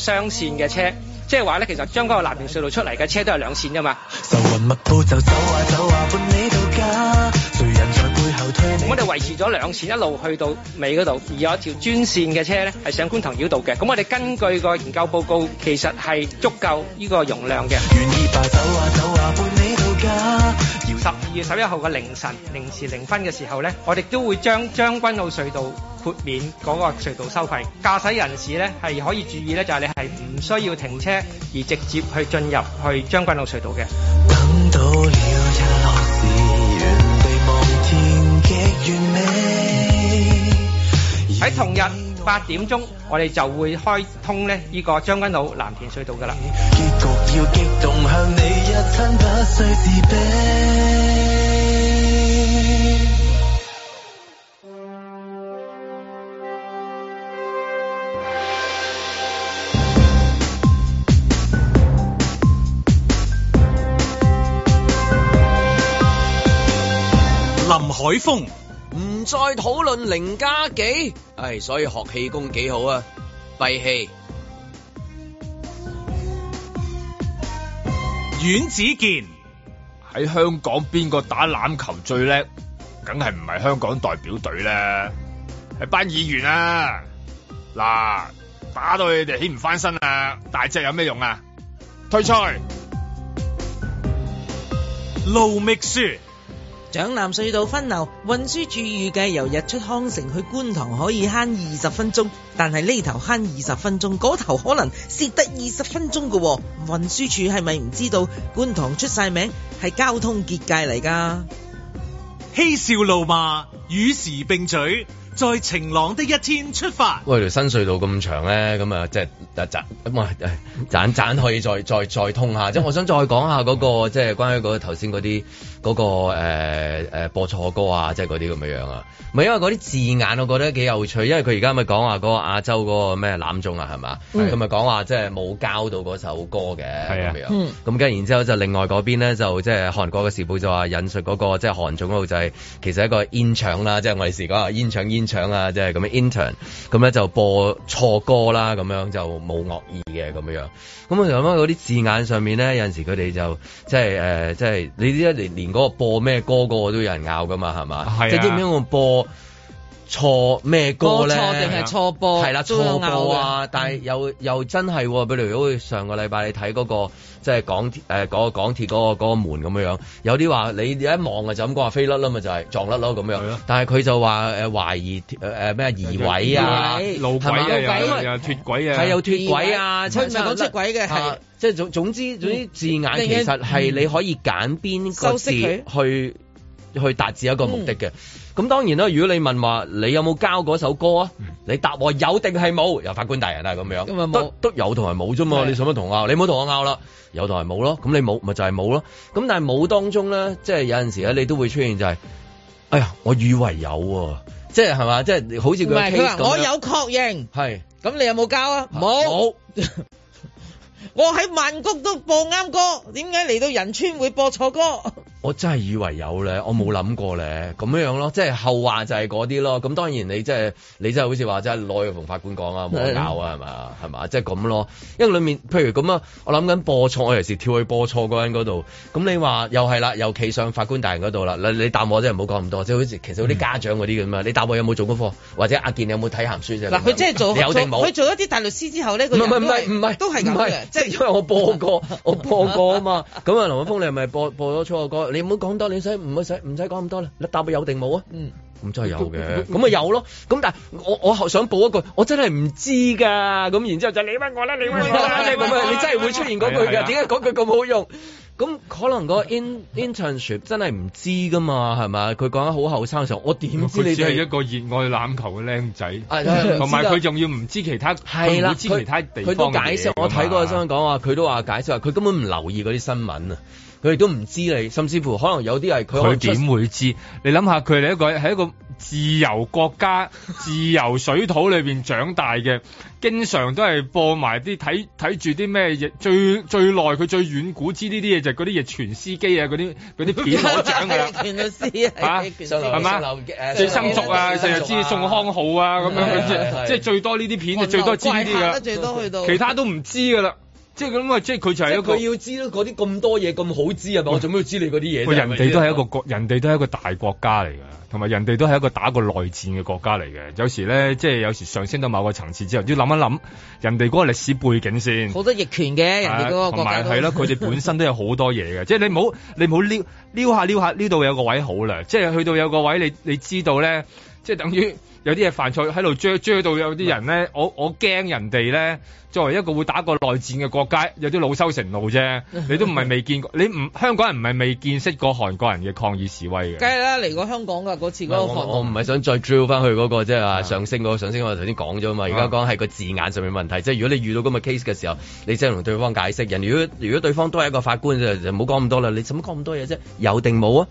雙線嘅車，即係話咧，其實將嗰個南平隧道出嚟嘅車都係兩線噶嘛。我哋維持咗兩線一路去到尾嗰度，而有一條專線嘅車咧係上觀塘繞道嘅。咁我哋根據個研究報告，其實係足夠呢個容量嘅。十二月十一號嘅凌晨零時零分嘅時候呢，我哋都會將將軍澳隧道豁免嗰個隧道收費，駕駛人士呢係可以注意呢，就係你係唔需要停車而直接去進入去將軍澳隧道嘅。喺同日。八點鐘，我哋就會開通呢呢個將軍澳藍田隧道噶啦。林海峰。再討論零加幾？唉，所以學氣功幾好啊！閉氣。阮子健喺香港邊個打籃球最叻？梗係唔係香港代表隊啦，係班議員啊！嗱，打到你哋起唔翻身啊！大隻有咩用啊？退賽。盧覓書。蔣南隧道分流運輸署預計由日出康城去觀塘可以慳二十分鐘，但係呢頭慳二十分鐘，嗰頭可能蝕得二十分鐘噶，哦。運輸署係咪唔知道觀塘出晒名係交通結界嚟噶？嬉笑怒罵與時並舉，在晴朗的一天出發。喂，條新隧道咁長咧，咁啊，即係一集咁啊，斬斬可以再再再通下。即係我想再講下嗰、那個，即係關於嗰個頭先嗰啲。嗰、那個、呃呃、播錯歌啊，即係嗰啲咁樣啊，唔因為嗰啲字眼，我覺得幾有趣，因為佢而家咪講話嗰個亞洲嗰個咩攬眾啊，係嘛，佢咪講話即係冇交到嗰首歌嘅咁、啊、樣，咁、嗯、跟然之後就另外嗰邊咧就即係韓國嘅時報就話引述嗰、那個即係、就是、韓總嗰度就係其實一個 intern 啦，即係我哋時講 intern intern 啊，即係咁樣 intern，咁咧就播錯歌啦，咁樣就冇惡意嘅咁樣，咁嗰啲字眼上面咧，有陣時佢哋就即係即係你呢一年。嗰個播咩歌嗰個都有人拗噶嘛，係嘛？啊、即係點解我播？錯咩歌咧？錯定係錯播？係啦，錯播啊！但係又又真係、啊，比如如果上個禮拜你睇嗰、那個，即、就、係、是、港鐵誒，嗰、呃那個港鐵嗰個嗰個門咁樣樣，有啲話你一望就咁講話飛甩啦嘛，就係撞甩咯咁樣。但係佢就話誒懷疑誒咩、呃、移位啊，路軌啊，脫軌啊，係有脫軌啊，出唔係講出軌嘅，係即係總總之總之字眼其實係你可以揀邊個字去去達至一個目的嘅。嗯。咁當然啦，如果你問話你有冇交嗰首歌啊？嗯、你答我有定係冇？又法官大人係咁樣，都都有同埋冇啫嘛。你想乜同我拗？你唔好同我拗啦，有同埋冇咯。咁你冇咪就係冇咯。咁但係冇當中咧，即係有陣時咧，你都會出現就係、是，哎呀，我以為有、啊，即係係嘛，即係好似佢。唔係佢話我有確認。係。咁你有冇交啊？冇、啊。 我喺曼谷都播啱歌，點解嚟到仁川會播錯歌？我真係以為有咧，我冇諗過咧咁樣樣咯，即係後話就係嗰啲咯。咁當然你即係你即係好似話真係攞去同法官講啊，冇搞啊，係嘛係嘛，即係咁咯。因為裡面譬如咁啊，我諗緊播錯，我有時跳去播錯嗰陣嗰度。咁你話又係啦，又企上法官大人嗰度啦。你答我真係，唔好講咁多。即係好似其實嗰啲家長嗰啲咁啊，你答我有冇做功課，或者阿健有有你有冇睇鹹書啫？嗱，佢真係做佢做一啲大律師之後咧，佢唔係唔係唔係都係唔係。即係因為我播過，我播過啊嘛。咁啊，林海峰，你係咪播播咗錯個歌？你唔好講多，你使唔好使，唔使講咁多啦。你答我有定冇啊？嗯，咁、嗯嗯、真係有嘅。咁、嗯、咪有咯。咁但係我我想補一句，我真係唔知噶。咁然之後就你問我啦，你問我啦，你， 你真係的 會出現嗰句㗎。點解嗰句咁好用？ 咁可能個 in internship 真係唔知噶嘛，係咪？佢講得好後生嘅時候，我點知你？佢、啊、只係一個熱愛籃球嘅靚仔，同埋佢仲要唔知其他，係啦，唔知其他地方解釋我睇過個新聞講話，佢都話解釋話，佢根本唔留意嗰啲新聞啊！佢哋都唔知你，甚至乎可能有啲係佢，佢點會知？你諗下，佢哋一個係一個。自由國家、自由水土裏面長大嘅， 經常都係播埋啲睇睇住啲咩嘢，最最耐佢最遠古之呢啲嘢，就係嗰啲嘢，全司機啊，嗰啲嗰啲片攞獎㗎啦。《易傳》詩啊，係嘛？最深族啊，成日知宋康昊啊咁樣，即係最多呢啲片就最多知呢啲㗎，其他都唔知㗎啦。即係咁啊！即係佢就係佢要知道嗰啲咁多嘢咁好知啊嘛！我做咩要知你嗰啲嘢？人哋都係一個 人哋都係一個大國家嚟嘅，同埋人哋都係一個打過內戰嘅國家嚟嘅。有時咧，即係有時上升到某個層次之後，都要諗一諗人哋嗰個歷史背景先。好多逆權嘅人哋嗰個國家係咯，佢、啊、哋本身都有好多嘢嘅。 即係你唔好你唔好撩撩下撩下，呢度有個位好啦。即係去到有個位，你你知道咧，即係等於。有啲嘢犯錯喺度追追到有啲人咧，我我驚人哋咧，作為一個會打過內戰嘅國家，有啲老羞成怒啫。你都唔係未見過，你唔香港人唔係未見識過韓國人嘅抗議示威嘅。梗係啦，嚟過香港噶嗰次嗰，我我唔係想再 drill 翻去嗰、那個啫啊、即係，上升嗰個上升我頭先講咗嘛。而家講係個字眼上面問題，即係如果你遇到咁嘅 case 嘅時候，你真係同對方解釋。人如果如果對方都係一個法官，就唔好講咁多啦。你做乜講咁多嘢啫？有定冇啊？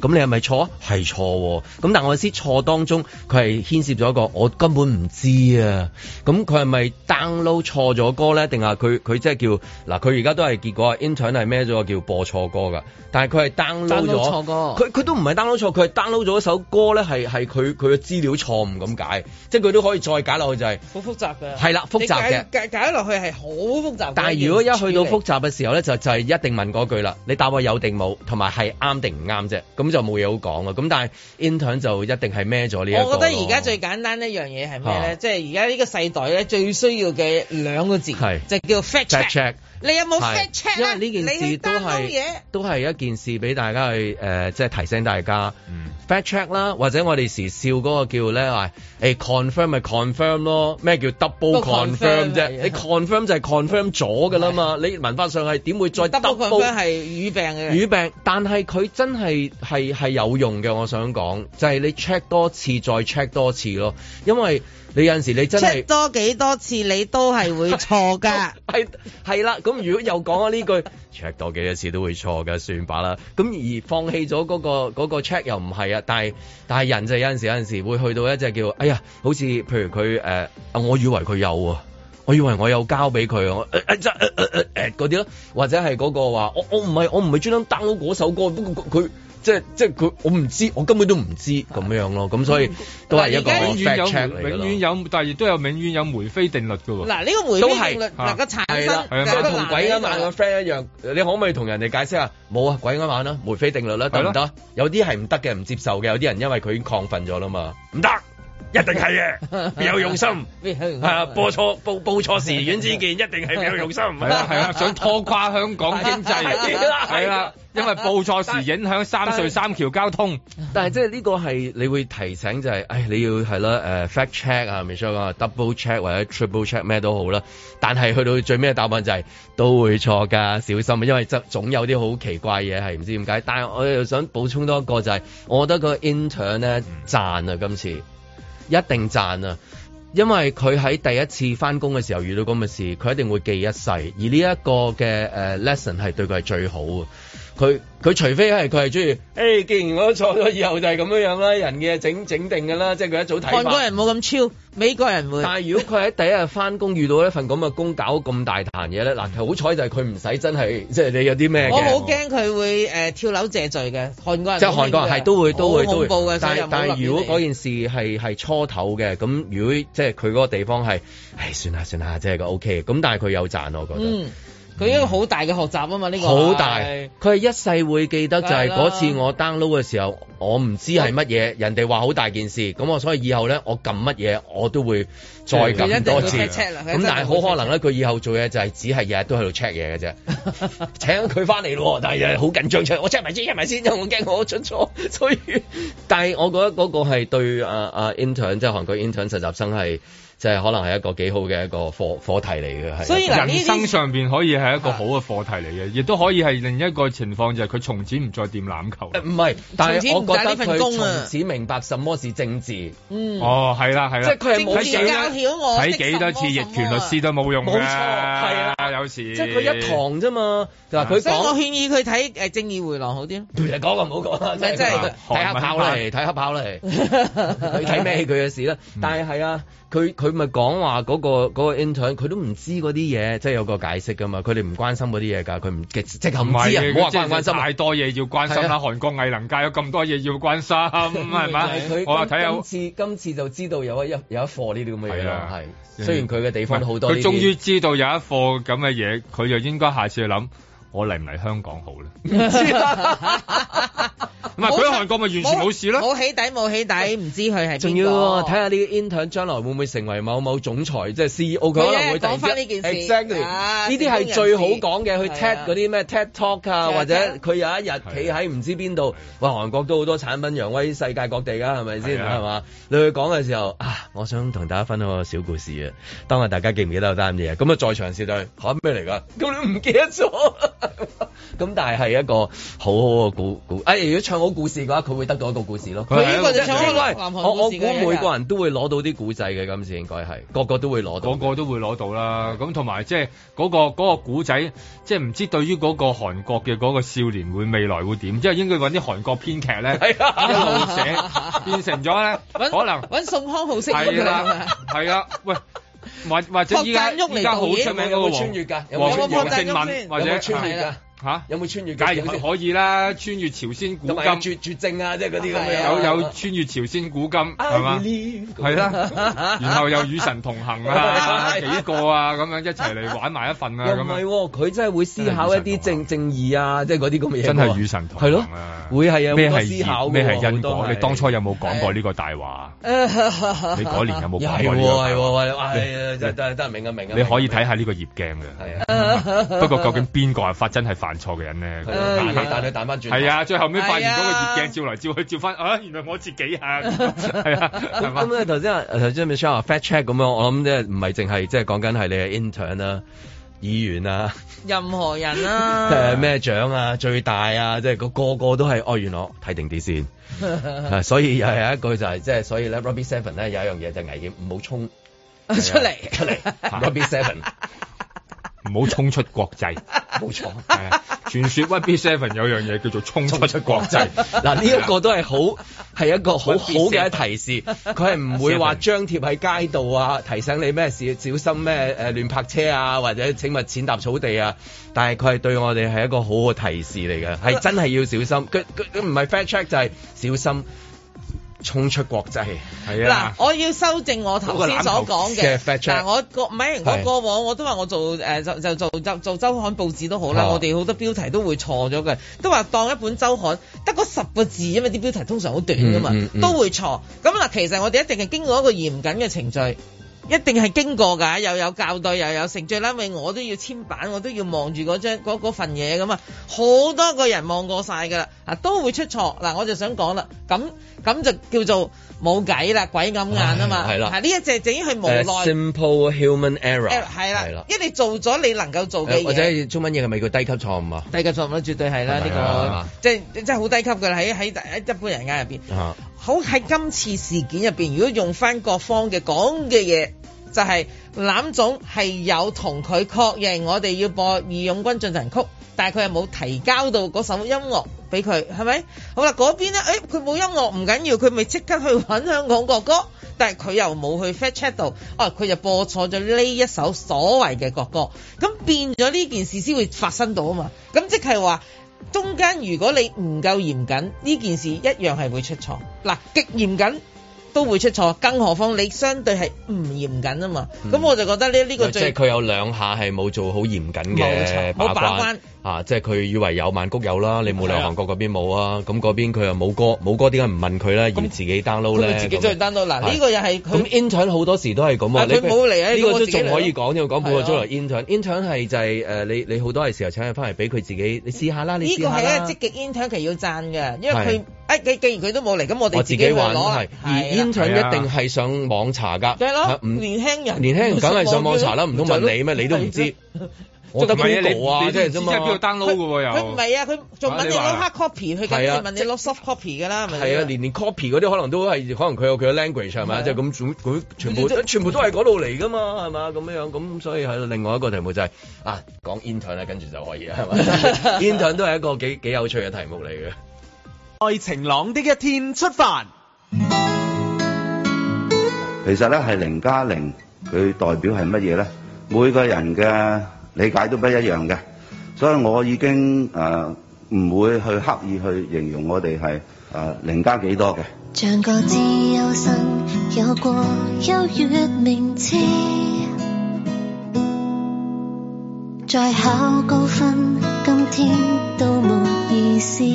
咁你係咪錯啊？係錯喎。咁但我意思錯當中佢係牽涉咗一個，我根本唔知啊！咁佢係咪 download 錯咗歌咧？定係佢佢即係叫嗱，佢而家都係結果啊，Intern 係孭咗個叫播錯歌噶？但係佢係 download, download 錯歌，佢佢都唔係 download 錯，佢係 download 咗一首歌咧，係係佢佢嘅資料錯誤咁解，即係佢都可以再解落去就係、是、好複雜嘅。係啦，複雜嘅解解落去係好複雜。但係如果一去到複雜嘅時候咧，就就係一定問嗰句啦，你答有有話有定冇，同埋係啱定唔啱啫，咁就冇嘢好講啊！咁但係 Intern 就一定係孭咗呢一個。而、哦、家最簡單的一樣嘢係咩咧？即係而家呢個世代咧，最需要嘅兩個字，就叫 fact check。你有冇 fact check 啊？因為呢件事都係都係一件事，俾大家去誒，即係提醒大家。fact check 啦，或者我哋時笑嗰個叫咧話，誒 confirm 咪 confirm 咯？咩叫 double confirm 啫？你 confirm 就係 confirm 咗㗎啦嘛？你文化上係點會再 double confirm，係語病嘅語病，但係佢真係係係有用嘅。我想講就係你 check 多次再 check 多次咯，因為。你有陣時你真係 check 多幾多次，你都係會錯噶。 係係啦，咁如果又講咗呢句 check 多幾多次都會錯㗎。算罷啦。咁而放棄咗嗰、嗰個嗰、嗰個、check 又唔係啊。但係但係人就有陣時有陣時，有陣時會去到一隻叫哎呀，好似譬如佢誒、呃，我以為佢有，我以為我有交俾佢，我誒誒誒誒嗰啲咯，或者係嗰個話我我唔係我唔係專登 download 嗰首歌，不過佢。即即佢我唔知，我根本都唔知咁樣咯，咁所以都係一個 fact check 嚟嘅咯。永遠有，但係亦都有永遠有梅菲定律㗎喎。嗱，呢、這個梅菲定律，嗱，個、啊、查生同鬼咁玩個 friend 一樣，你可唔可以同人哋解釋啊？冇啊，鬼咁玩啦，梅菲定律啦，得唔得？有啲係唔得嘅，唔接受嘅，有啲人因為佢已經亢奮咗啦嘛，唔得。一定係嘅，有用心係啊！播錯播播錯事，袁子一定係有用心，係 啊，播 啊，啊！想拖垮香港經濟，係 啦是、啊 啊，因為播錯時影響三隧三橋交通。 但係即係呢個係你會提醒就係、是，唉、哎，你要係啦，f a c t check 啊 m i 啊，double check 或者 triple check 咩都好啦。但係去到最尾嘅答案就係、是、都會錯㗎，小心，因為總有啲好奇怪嘢係唔知點解。但係我又想補充多一個就係、是，我覺得個 intern 咧讚啊今次。一定讚啊！因為佢喺第一次翻工嘅時候遇到咁嘅事，佢一定會記一世，而呢一個嘅誒 lesson 係對佢係最好嘅。佢佢除非係佢係中意，誒、欸，既然我都錯咗，以後就係咁樣啦，人嘅整整定㗎啦，即係佢一早睇。韓國人冇咁超，美國人會。但如果佢喺第一日翻工遇到一份咁嘅工搞，搞咁大壇嘢咧，嗱，好彩就係佢唔使真係，即係你有啲咩嘅。我好驚佢會、呃、跳樓謝罪嘅，韓國人。即係韓國人係都會都會報。但係但係如果嗰件事係係初頭嘅，咁如果即係佢嗰個地方係，唉，算啦算啦，即係個 OK，咁但係佢有賺，我覺得。嗯佢、嗯、一個好大嘅學習啊嘛，呢、呢個好大，佢係一世會記得就係嗰次我 download 嘅時候，我唔知係乜嘢，嗯、人哋話好大件事，咁我所以以後咧，我撳乜嘢我都會再撳多次。咁、嗯、但係好可能咧，佢以後做嘢就係只係日日都喺度 check 嘢嘅啫。 請佢翻嚟咯，但係日日好緊張 check，我 check 埋先，check 埋先，我驚我，我，我出錯，所以。但係我覺得嗰個係對啊啊、uh, uh, intern 即係韓國 intern 實習生係。即、就、係、是、可能係一個幾好嘅一個課題嚟嘅，所以人生上面可以係一個好嘅課題嚟嘅，亦都可以係另一個情況就係、是、佢從此唔再掂籃球。唔係、嗯，但係我覺得佢從此明白什麼是政治。嗯，哦係啦係啦，即係佢睇幾多，睇幾多次逆權律師都冇用㗎，冇錯係啊有時。即係佢一堂啫嘛，就話佢講。啊、我建議佢睇正義回廊好啲、那個嗯 嗯、啊。其實講唔好講，即係睇黑炮啦，睇嚟。佢睇咩佢嘅事啦，但係啊。佢佢咪講話嗰個嗰個 intern，佢都唔知嗰啲嘢，即係有個解釋噶嘛。佢哋唔關心嗰啲嘢噶，佢唔即即係唔知啊。唔係，唔係關心，太多嘢要關心啊。韓國藝能界有咁多嘢要關心係嘛？我話睇下今次今次就知道有一有一課呢啲咁嘅嘢啦。係，雖然佢嘅地方好多，佢終於知道有一課咁嘅嘢，佢就應該下次去諗。我嚟唔嚟香港好咧？唔 不知道。 唔係佢喺韓國咪完全冇事咯？冇起底冇起底，唔知佢係邊個？仲要睇下呢個 intern 將來會唔會成為某某總裁，即係 CEO 佢可能會。講翻呢件事。Exactly，呢啲係最好講嘅，去 TED 嗰啲咩 TED Talk 啊，或者佢有一日企喺唔知邊度，哇！韓國都好多產品揚威世界各地㗎，係咪先？係嘛？你去講嘅時候，我想同大家分享個小故事啊。當日大家記唔記得有單嘢？咁啊，在場視帝咩嚟㗎？咁你唔記得咗？咁 但係係一個好好個故故，誒，如果唱好故事嘅話，佢會得到一個故事咯。佢呢個就唱我我估每個人都會攞到啲古仔嘅，今次應該係，個個都會攞到，個個都會攞到啦。咁同埋即係嗰個嗰個古仔，即係唔知對於嗰個韓國嘅嗰個少年會未來會點？即係應該揾啲韓國編劇咧，啲老寫變成咗咧，可能揾宋康昊式嘅啦，係啊，喂。或或者依家依家好出名嗰個黃黃正文、哦哦、或者係㗎。啊、有冇穿越？梗係有，可以啦！穿越朝鮮古今，絕絕症啊，即係嗰啲咁嘅。有有穿越朝鮮古今，係嘛？係啦，然後又與神同行啊，啊幾個啊咁樣一齊嚟玩埋一份啊咁、啊啊啊、樣。佢、啊、真係會思考一啲正正義啊，即係嗰啲咁嘅嘢。真係與神同行啊！會係啊，啊，會有思考咩係因果？你當初有冇講過呢個大話？你嗰年有冇講過呢個係啊，得得明啊，明啊。你可以睇下呢個業鏡嘅。啊，不過究竟邊個係發真係犯錯嘅人咧，彈、啊啊、你彈翻轉，係啊，最後尾發現嗰個眼鏡、啊、照來照去照翻，啊，原來我自己啊，係 啊，咁咧頭先啊，頭先 Michelle fact check 咁樣，我諗即係唔係淨係即係講緊係你嘅 intern 啦、議員啊、任何人啊、誒咩獎啊、最大啊，即係個個都係哀怨我睇定啲先 所、就是，所以又係一句就係即係，所以咧 Robby Seven 咧有一樣嘢就危險，唔好衝出嚟，出嚟 Robby Seven。 唔 好衝出國際，冇 沒錯。 啊、傳説 One Piece Seven 有樣嘢叫做衝出國衝出國際。嗱、啊，呢、這個、 一個都係好係一個好好嘅提示，佢係唔會話張貼喺街度啊，提醒你咩事小心咩誒、呃、亂泊車啊，或者請勿踐踏草地啊。但係佢係對我哋係一個好嘅提示嚟嘅，係 真係要小心。佢佢唔係 fat check 就係小心。衝出國際係啊！嗱，我要修正我頭先所講嘅。嗱，我過唔係我過往我都話我做誒就、呃、就做就做，就做周刊報紙都好啦。我哋好多標題都會錯咗嘅，都話當一本周刊得嗰十個字，因為啲標題通常好短㗎嘛，嗯嗯嗯，都會錯。咁嗱，其實我哋一定係經過一個嚴謹嘅程序。一定係經過㗎，又有校對，又有成績啦，因為我都要簽版，我都要望住嗰張嗰嗰份嘢㗎嘛。好多個人望過晒㗎啦，啊都會出錯。嗱，我就想講啦，咁咁就叫做冇計啦，鬼咁眼啊嘛。係啦，呢一隻淨係無奈。係、uh, simple human error 啦，因為你做咗你能夠做嘅嘢。或者中文嘢係咪叫低級錯誤啊？低級錯誤咧，絕對係啦，呢、呢個即係即係好低級㗎啦，喺喺一般人眼入邊。好喺今次事件入面，如果用翻各方嘅講嘅嘢，就係、是、攬總係有同佢確認，我哋要播義勇軍進行曲，但係佢又冇提交到嗰首音樂俾佢，係咪？好啦，嗰邊咧，誒佢冇音樂唔緊要，佢咪即刻去揾香港國歌，但係佢又冇去 fact check 度、啊，哦，佢就播錯咗呢一首所謂嘅國歌，咁變咗呢件事先會發生到啊嘛，咁即係話。中間如果你唔夠嚴謹，呢件事一樣係會出錯，嗱，極嚴謹。都會出錯，更何況你相對係唔嚴謹啊嘛，咁、嗯、我就覺得呢呢個即係佢有兩下係冇做好嚴謹嘅把關,把關啊，即係佢以為有曼谷有啦，你冇嚟韓國嗰邊冇啊，咁嗰邊佢又冇歌冇歌，點解唔問佢咧？嗯、要自己 download 啦。自己再 download 嗱呢、啊這個又係咁 intern 好多時都係咁啊，佢冇嚟呢個都仲可以講嘅，講半個鐘頭 intern，intern 係就係、是、誒、呃、你你好多係時候請佢翻嚟俾佢自己你試下啦，呢、這個係一個積極 intern 其實要讚嘅，因為佢。誒、哎，既然佢都冇嚟，咁我哋自己話攞。而 Internet 一定係上網查㗎，唔年輕人年輕梗係上網查啦，唔通問你咩？你都唔知，知。我得佢個啊？即係即係 download 嘅喎。佢唔係啊！佢仲問你攞 hard copy，佢跟住問你攞 soft copy 㗎啦。係啊，連連 copy 嗰啲可能都係，可能佢有佢嘅 language 係、就是、嘛？即係咁，全部全部都係嗰度嚟㗎嘛？係嘛？咁樣樣咁，所以喺另外一個題目就係、是、啊，講 Internet 跟住就可以啊？係嘛？Internet 都係一個幾幾有趣嘅題目嚟嘅。在晴朗的一天出發。其實咧係零加零，佢代表係乜嘢咧？每個人嘅理解都不一樣嘅，所以我已經誒唔、呃、會去刻意去形容我哋係誒零加幾多嘅。像個資優生有過優越名次，再考高分，今天都冇意思。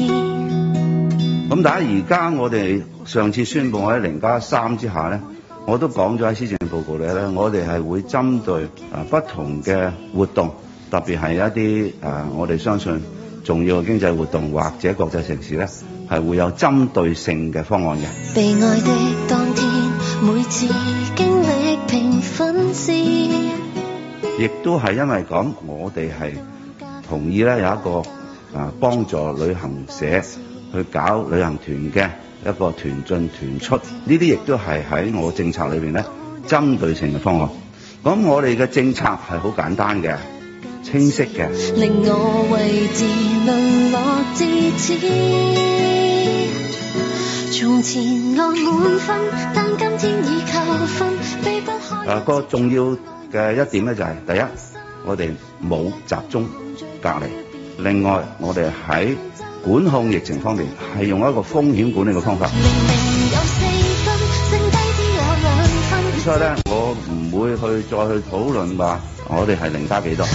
咁但係而家我哋上次宣布喺零加三之下咧，我都講咗喺施政報告裏咧，我哋係會針對啊不同嘅活動，特別係一啲誒，我哋相信重要嘅經濟活動或者國際城市咧，係會有針對性嘅方案嘅。被愛的當天，每次經歷評分之。亦都係因為咁，我哋係同意咧有一個啊幫助旅行社。去搞旅行團嘅一個團進團出，呢啲亦都係喺我政策裏邊咧，針對性嘅方案。咁我哋嘅政策係好簡單嘅，清晰嘅。令我為自淪落至此，從前我滿分，但今天已扣分，避不開。啊，個重要嘅一點咧就係、是，第一，我哋冇集中隔離。另外，我哋喺管控疫情方面係用一個風險管理嘅方法，明明有四分，剩低兩分，所以咧我唔會去再去討論話我哋係零加幾多。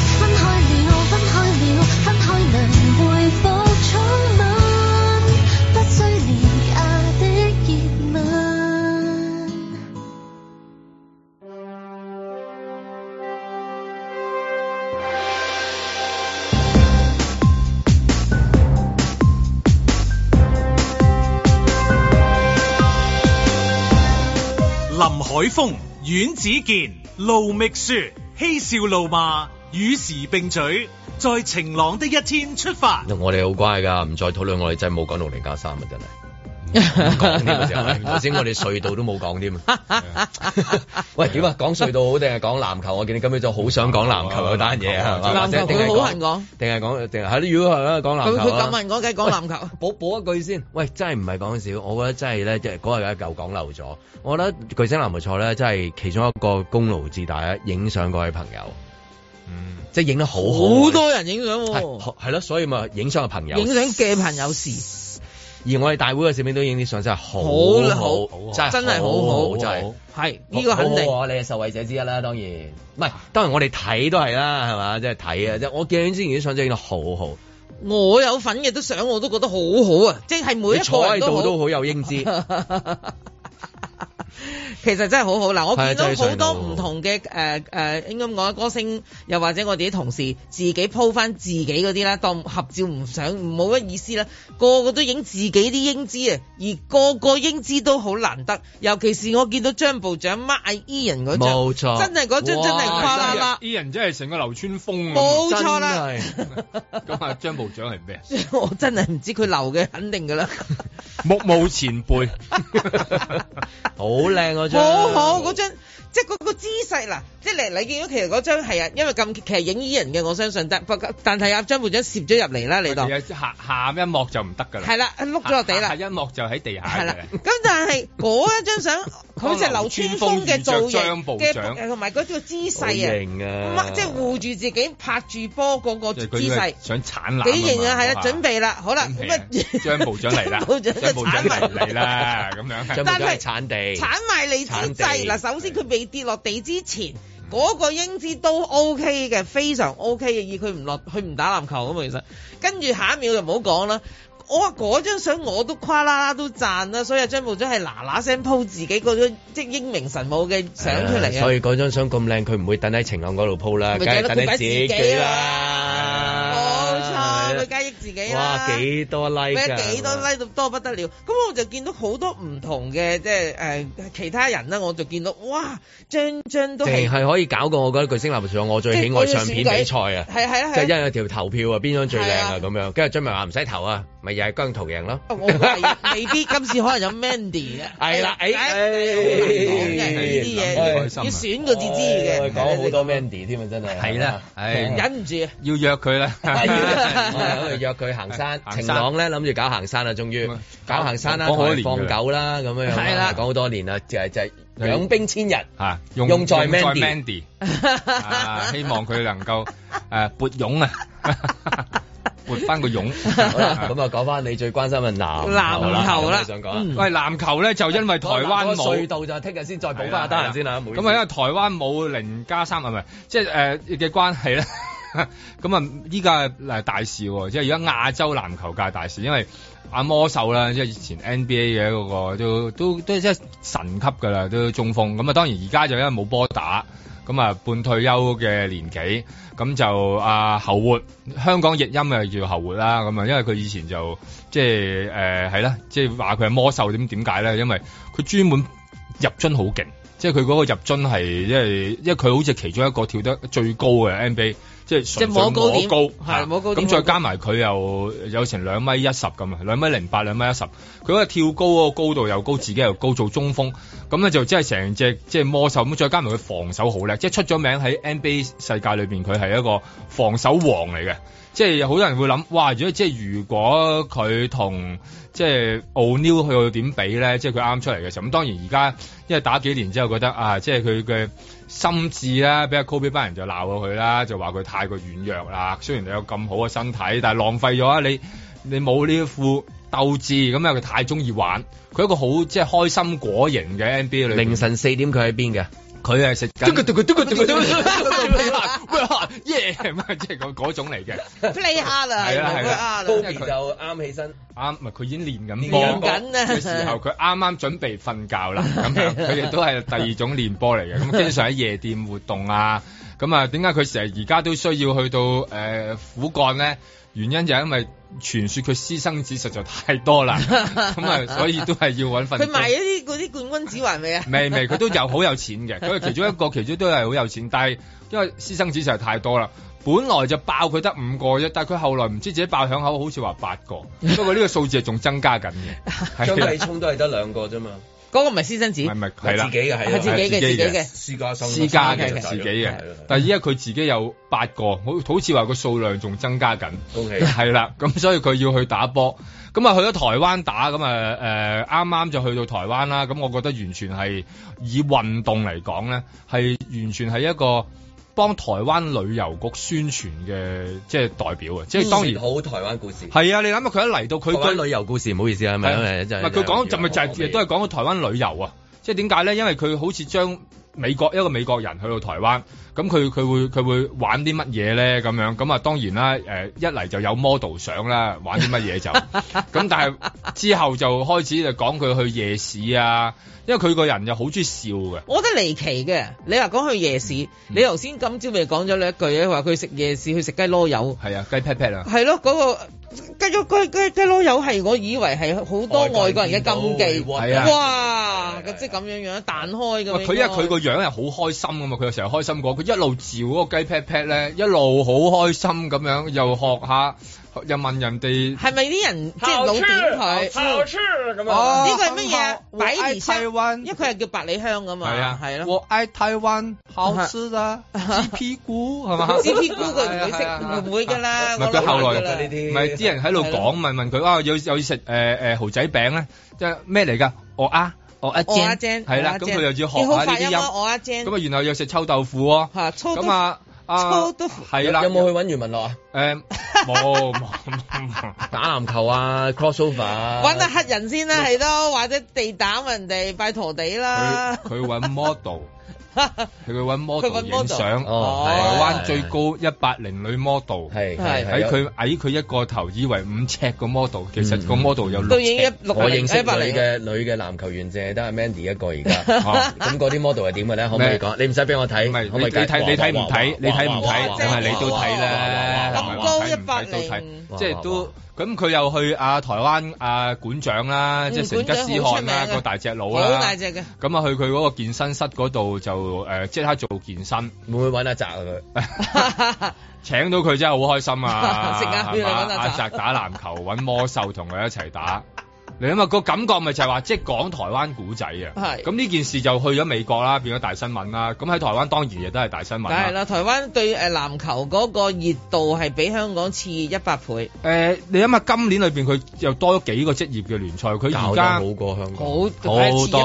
海峰、阮子健、盧覓雪、嬉笑怒罵，與時並舉。在晴朗的一天出發。我哋好乖噶，唔再討論，我哋真係冇講六零加三啊，真係。頭先我哋隧道都冇講添。喂，點啊？講隧道好定係講籃球？我見你今日就好想講籃球嗰單嘢，係好難講，定係講定係？如果係講籃球。佢咁難講，梗係講籃球。補補一句先。喂，真係唔係講笑，我覺得真係咧，即係嗰日有一舊講漏咗。我覺得巨星籃球賽咧，真係其中一個功勞至大，咧，影相嗰位朋友。嗯。即係影得好，好多人影相。係咯，所以嘛，影相嘅朋友，影相嘅朋友事。 而我哋大會嘅攝影都影啲相真係好好，好，好好，真係真係好好，就係係呢個肯定，你係受惠者之一啦，當然唔係，當然我哋睇都係啦，係嘛，即係睇啊！即、嗯、係我見之前啲相真係影得好好，我有份嘅都相我都覺得好好啊，即、就、係、是、每一度都好都有英姿。 其實真係好好嗱，我見到好多唔同嘅誒誒，應該講歌星，又或者我哋啲同事自己鋪返翻自己嗰啲啦。當合照唔上冇乜意思啦。個個都影自己啲英姿啊，而個個英姿都好難得。尤其是我見到張部長孖伊人嗰張，真係嗰張真係誇啦啦。伊人真係成個流川楓冇錯啦。咁啊， 張部長係咩？ 我真係唔知佢留嘅，肯定噶啦。 木木前輩，好 張好好嗰張，即係嗰個姿勢啦，即係你你見到其實嗰張係啊，因為咁其實影衣人嘅，我相信得不，但但係阿張部長攝咗入嚟啦，你到下下一幕就唔得噶啦，係啦，一碌咗落地啦，下下一幕就喺地下係啦，咁 但係嗰一張相。 佢就劉川峰嘅造型嘅，同埋嗰個姿勢啊，唔係即係護住自己拍住波嗰個姿勢，幾型啊！係啊，準備啦，好啦，乜張部長嚟啦，張部長嚟啦，嚟啦咁樣，真係鏟地，鏟埋嚟姿勢嗱，首先佢未跌落地之前，嗰、嗰個英姿都 OK 嘅，非常 OK 嘅。以佢唔落，去、唔打籃球啊嘛，其實跟住下一秒就唔好講啦。哦、我話嗰張相我都誇啦啦都讚啦，所以張部長係嗱嗱聲鋪自己嗰張即英明神武嘅相出嚟啊！所以嗰張相咁靚，佢唔會等喺晴朗嗰度鋪啦，梗係等喺自己啦。佢加益自己、啊、哇，幾多，多 like 噶、啊？幾多，多 like 都多不得了。咁我就見到好多唔同嘅，即係誒其他人啦、啊。我就見到哇，張張都淨係可以搞過我覺得巨星級上，我最喜愛相片比賽啊！係係係，即係因有條投票，就是、一一條投票啊，邊張最靚啊？咁樣跟住張明話唔使投啊，咪又係姜濤贏咯。未必 今次可能有 Mandy 嘅 不是。係 啦說，誒啲嘢要選個字知嘅。我講好多 Mandy 添啊，真係。係啦，忍唔住，要約佢啦。 約佢行山，晴朗咧，諗住搞行山啦，終於搞行山啦，放狗啦咁樣樣。係啦，講好多年啦，就係就係養兵千日，吓用用在 Mandy，希望佢能夠誒撥勇啊，撥翻個勇。咁啊，講翻你最關心嘅籃籃球啦，喂籃球咧，就因為台灣冇隧道，就聽日先再補翻阿德蘭先啦。咁啊，因為台灣冇零加三啊，係咪即係誒嘅關係咧。咁啊，依家嗱大事，即係而家亞洲籃球界大事，因為阿魔獸啦，即係以前 NBA 嘅、那、嗰個都都都即係神級噶啦，都中鋒。咁啊，當然而家就因為冇波打，咁啊半退休嘅年紀，咁就啊後活，香港譯音啊叫後活啦。咁啊，因為佢以前就即係誒係啦，即係話佢係魔獸點點解咧？因為佢專門入樽好勁，即係佢嗰個入樽係即係因為佢好似其中一個跳得最高嘅 NBA。即係純粹摸高，點摸高，係高。咁再加埋佢又有成兩米一十咁啊，兩米零八，兩米一十。佢嗰個跳高嗰個高度又高，自己又高，做中鋒咁咧就即係成隻即係魔獸。咁再加埋佢防守好叻，即係出咗名喺 NBA 世界裏面。佢係一個防守王嚟嘅。即係好多人會諗，哇！如果即係如果佢同即係 O’Neal 佢又點比咧？即係佢啱出嚟嘅時候，咁當然而家。因為打幾年之後覺得啊，即係佢嘅心智啦、啊，俾阿科比班人就鬧過佢啦，就話佢太過軟弱啦。雖然你有咁好嘅身體，但係浪費咗你，你冇呢副鬥志。咁又佢太中意玩，佢一個好即係開心果型嘅 NBA。凌晨四點佢喺邊嘅？佢係食。 yeah 即係嗰種嚟嘅 play hard 係啊係啊就啱起身，啱唔係佢已經練緊練緊咧，佢時候佢啱啱準備瞓覺啦咁 這樣，佢 哋都係第二種練波嚟嘅，咁經常喺夜店活動啊，咁啊點解佢成日而家都需要去到誒、呃、苦幹咧？原因就係因為傳說佢私生子實在太多啦，咁 啊 所以都係要揾份。佢賣一啲嗰啲冠軍指環未啊？未未，佢都有好有錢嘅，佢係其中一個其中個都係好有錢，但係因為私生子實在太多啦，本來就爆佢得五個啫，但係佢後來唔知自己爆響口，好似話八個，不過呢個數字係仲增加緊嘅。 張繼聰都係得兩個啫嘛。嗰、那個唔係私生子，係咪係啦？係自己嘅，係自己嘅，自己嘅私家私家嘅自己嘅。但係依家佢自己有八個，好好似話個數量仲增加緊。OK，係啦。咁所以佢要去打波，咁啊去咗台灣打，咁啊誒啱啱就去到台灣啦。咁我覺得完全係以運動嚟講咧，係完全係一個。幫台灣旅遊局宣傳嘅即係代表啊！即係當然好台灣故事係啊！你諗下佢一嚟到佢、那個、旅遊故事，唔好意思啊，係咪真係唔係佢講就咪就係亦都係講講台灣旅遊啊！即係點解咧？因為佢好似將美國一個美國人去到台灣。咁佢佢會佢會玩啲乜嘢咧？咁樣咁啊，當然啦。一嚟就有 model 相啦，玩啲乜嘢就咁。但係之後就開始就講佢去夜市啊，因為佢個人又好中意笑嘅。我覺得離奇嘅，你話講去夜市，嗯、你頭先今朝咪講咗你一句咧，話佢食夜市去食雞籮柚，係啊，雞 pat pat 啊，係囉、啊。嗰、那個雞籮柚係我以為係好多外國人嘅禁忌，係啊，啊，即係咁樣樣彈開嘛。佢因為佢個樣係好開心噶嘛，佢有成日開心過一路嚼嗰個雞 pat pat 咧，一路好開心咁樣，又學下，又問人哋係咪啲人即係老點佢、嗯？哦，呢個係乜嘢？百里香，因為佢係叫百里香㗎嘛。係啊，係啊。我嗌台灣，好吃的豬屁股係嘛？豬屁股佢唔會食，會唔會㗎啦？唔係佢後來㗎呢啲，唔係啲人喺度講問問佢，啊，有有食誒誒蠔仔餅咧，即係咩嚟㗎？我啊！ 哦阿 Jane，係啦，咁佢又要學下啲音，我阿 Jane。咁啊，oh, 然後又食臭豆腐喎、啊。吓、啊，啊，都，臭豆腐，係啦。有冇去揾余文樂啊？誒、嗯，冇 打籃球啊，crossover 啊。揾得黑人先啦、啊，係 囉，或者地膽人哋拜陀地啦。佢揾 model。 佢去揾 model 影相、oh，台灣最高一百零女 model，係喺佢矮佢一個頭，以為五尺個 model，嗯、其實個 model 有六尺。我認識到你嘅女嘅籃球員，淨係得阿 Mandy 一個而家。咁嗰啲 model 係點嘅咧？可唔可以講？你唔使俾我睇，你睇你睇唔睇？你睇唔睇？定你都睇咧？咁高一百零，即係都咁佢又去啊台灣啊館長啦，即係成吉思汗啦，個大隻佬啦，咁啊去佢嗰個健身室嗰度就。誒、呃，即刻做健身，會唔會揾阿澤佢、啊， 請到佢真係好開心啊！ 是是阿澤打籃球，揾 魔獸，同佢一齊打。你諗下個感覺咪就係話，即係講台灣古仔啊！係咁呢件事就去咗美國啦，變咗大新聞啦。咁喺台灣當然亦都係大新聞。但係啦，台灣對誒籃球嗰個熱度係比香港次一百倍。誒，你諗下今年裏邊佢又多咗幾個職業嘅聯賽，佢而家好過香港，好好多。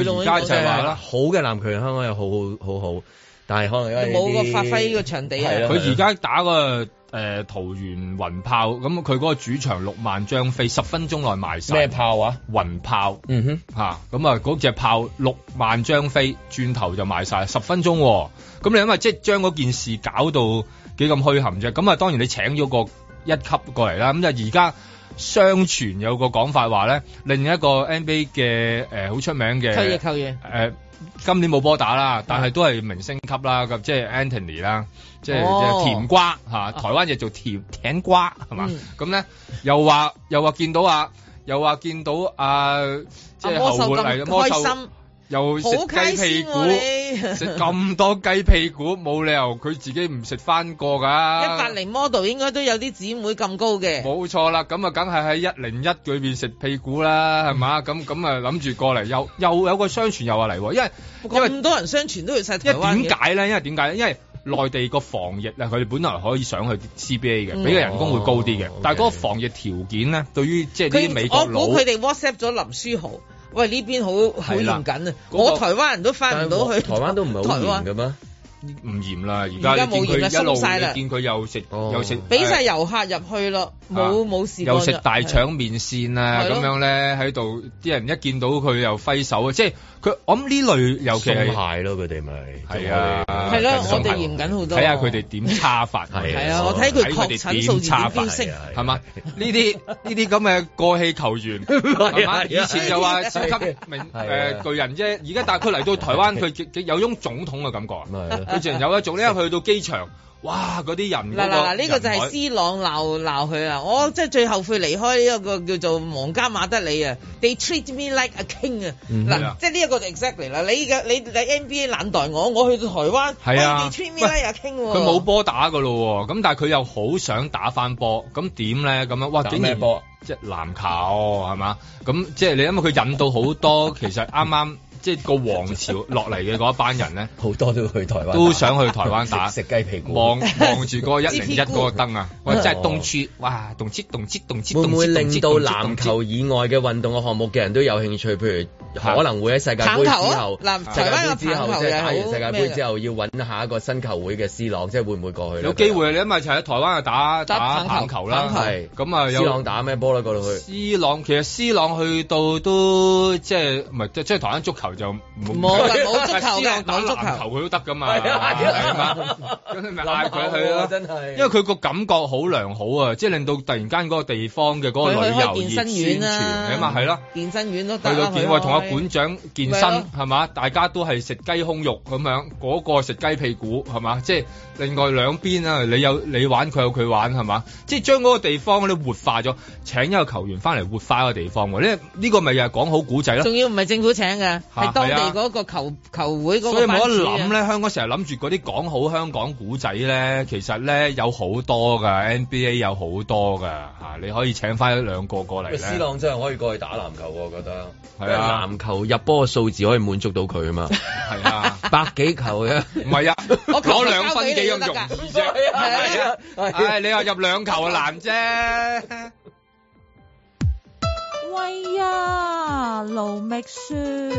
佢而家就係話啦，好嘅籃球，香港又好好好好。但係可能因為冇個發揮個場地啊，那個！佢而家打個誒桃園雲炮咁，佢嗰個主場六萬張飛，十分鐘內賣晒。咩炮啊？雲炮，嗯哼，咁啊！嗰、那、隻、個、炮六萬張飛，轉頭就賣晒，十分鐘，哦。咁你諗下，即係將嗰件事搞到幾咁墟冚啫？咁啊，當然你請咗個一級過嚟啦。咁就而家相傳有個講法話咧，另一個 NBA 嘅誒好出名嘅今年冇波打啦，但係都係明星級啦，咁即係 Anthony 啦，即係即係甜瓜吓、哦啊。台灣就做甜艇瓜係嘛？咁咧、嗯、又話又話見到啊，又話見到啊，即係侯活嚟嘅魔獸又食雞屁股，食咁、啊、多雞屁股，冇 理由佢自己唔食翻過噶。一百零 model 應該都有啲姊妹咁高嘅。冇錯啦，咁啊，梗係喺一零一裏邊食屁股啦，係嘛？咁咁啊，諗住過嚟 又又有個商傳又話嚟，因為因為咁多人相傳都要曬台灣。點解咧？因為點解咧？因為內地個防疫咧，佢哋本來可以上去 CBA 嘅，畀 個人工會高啲嘅、哦 okay。但係嗰個防疫條件咧，對於即係啲美國佬。佢我估佢哋 WhatsApp 咗林書豪。喂呢邊好好嚴緊啊！那個、我台灣人都翻唔到去，台灣都唔係好嚴嘅咩？台唔嚴啦，而家一路，見佢又食又食，俾、oh. 晒、啊、遊客入去咯，冇冇事。又食大腸麵線啊，咁、啊、樣咧喺度，啲、啊、人一見到佢又揮手啊，即係佢。我諗呢類尤其係鬆懈咯，佢哋咪係啊，係咯、啊，我哋嚴謹好多。睇下佢哋點叉法，係啊，啊，我睇佢哋點叉法係嘛？呢啲呢啲咁嘅過氣球員，以前就話四級名巨人啫，而家但係佢嚟到台灣，佢有種總統嘅感覺以 前有一種呢，去到機場，哇！嗰啲人嗱嗱嗱，呢、啊啊啊這個就係 C 朗鬧鬧佢啦。我即係最後悔離開呢一個叫做皇家馬德里啊。Mm -hmm. They treat me like a king，mm -hmm. 啊，嗱，即係呢一個就 exactly 啦。你嘅你嘅你嘅 NBA 冷待我，我去到台灣，喂，啊、，they treat me like a king 佢冇波打噶咯喎，咁但係佢又好想打翻波，咁點咧？咁樣哇什麼，竟然咩波？即係籃球係嘛？咁即係你想想他，因為佢引到好多其實啱啱。即係個皇朝落嚟嘅嗰一班人咧，好多都去台灣，都想去台灣打食 雞屁股，望望住嗰個一零一嗰個燈啊！哇，真係動處，哇，動切動切動切！會唔會令到籃球以外嘅運動嘅項目嘅人都有興趣？譬如可能會喺世界盃之後，啊、世界盃之後即係完世界盃之後要揾下一個新球會嘅 C 朗，即係會唔會過去咧？有機會啊！你咪喺台灣啊打打棒球啦，係咁啊！C 朗打咩波咧？過到去？C 朗其實 C 朗去到都即係唔係即係台灣足球？就冇冇 足球又打球足球佢都得噶嘛，咁你咪拉佢去咯、啊，真係，因為佢個感覺好良好啊，即、就、係、是、令到突然間嗰個地方嘅嗰個旅遊健身宣傳啊嘛，係咯、啊，健身院都得、啊，見去到健喂同阿館長健身係嘛、啊，大家都係食雞胸肉咁樣，嗰、那個食雞屁股係嘛，即係另外兩邊啊，你有你玩佢有佢玩係嘛，即係將嗰個地方你活化咗，請一個球員翻嚟活化個地方喎，呢、呢、呢個咪又係講好古仔咯，仲要唔係政府請嘅。當地個球係啊球球會個！所以冇得諗咧、啊，香港成日諗住嗰啲講好香港古仔咧，其實咧有好多噶 NBA 有好多噶吓、啊，你可以請翻兩個過嚟咧。斯朗真係可以過去打籃球，我覺得，因啊，籃、啊、球入波嘅數字可以滿足到佢啊嘛。係啊， 百幾球嘅，唔係啊，攞兩分幾咁容易啫。係啊，唉，你話入兩球啊，難 啫是、啊。 是 喂、哎、呀，盧覓雪，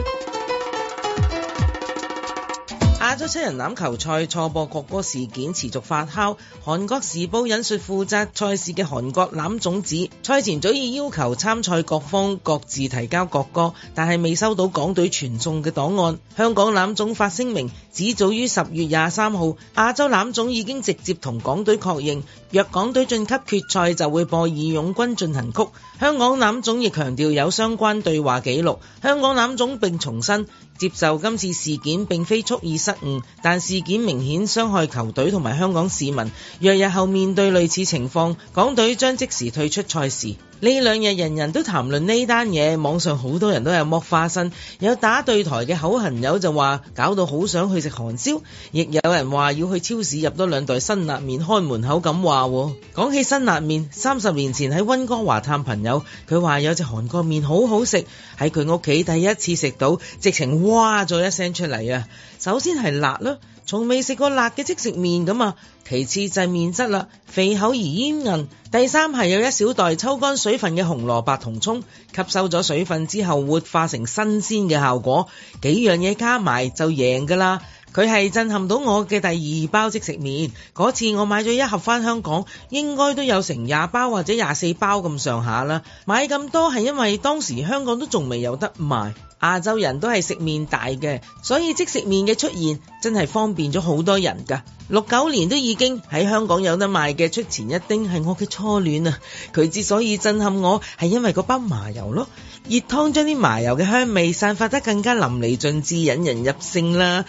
亞洲七人欖球賽錯播國歌事件持續發酵。韓國時報引述負責賽事嘅韓國欖總指，賽前早已要求參賽各方各自提交國歌，但係未收到港隊傳送嘅檔案。香港欖總發聲明，指早於十月廿三號，亞洲欖總已經直接同港隊確認。若港隊晉級決賽，就會播義勇軍進行曲。香港欖總亦強調有相關對話記錄。香港欖總並重申接受今次事件並非蓄意失誤，但事件明顯傷害球隊同埋香港市民。若日後面對類似情況，港隊將即時退出賽事。呢兩日人人都談論呢單嘢，網上好多人都有剝花生，有打對台嘅口痕友就話搞到好想去食韓燒，亦有人話要去超市入多兩袋辛辣麵開門口咁話。講起辛辣麵，三十年前喺温哥華探朋友，佢話有隻韓國麵好好食，喺佢屋企第一次食到，直情嘩咗一聲出嚟啊！首先係辣囉。從未食過辣嘅即食麵㗎嘛，其次就係麵質啦，肥厚而煙韌。第三係有一小袋抽乾水分嘅紅蘿蔔同葱，吸收咗水分之後活化成新鮮嘅效果。幾樣嘢加埋就贏㗎啦。佢係震撼到我嘅第二包即食麵，嗰次我買咗一盒返香港，應該都有成廿包或者廿四包咁上下啦。買咁多係因為當時香港都仲未有得賣，亞洲人都係食麵大嘅，所以即食麵嘅出現真係方便咗好多人㗎。六九年都已經喺香港有得賣嘅，出前一丁係我嘅初戀啊！佢之所以震撼我係因為嗰包麻油咯，熱湯將啲麻油嘅香味散發得更加淋漓盡致，引人入勝啦。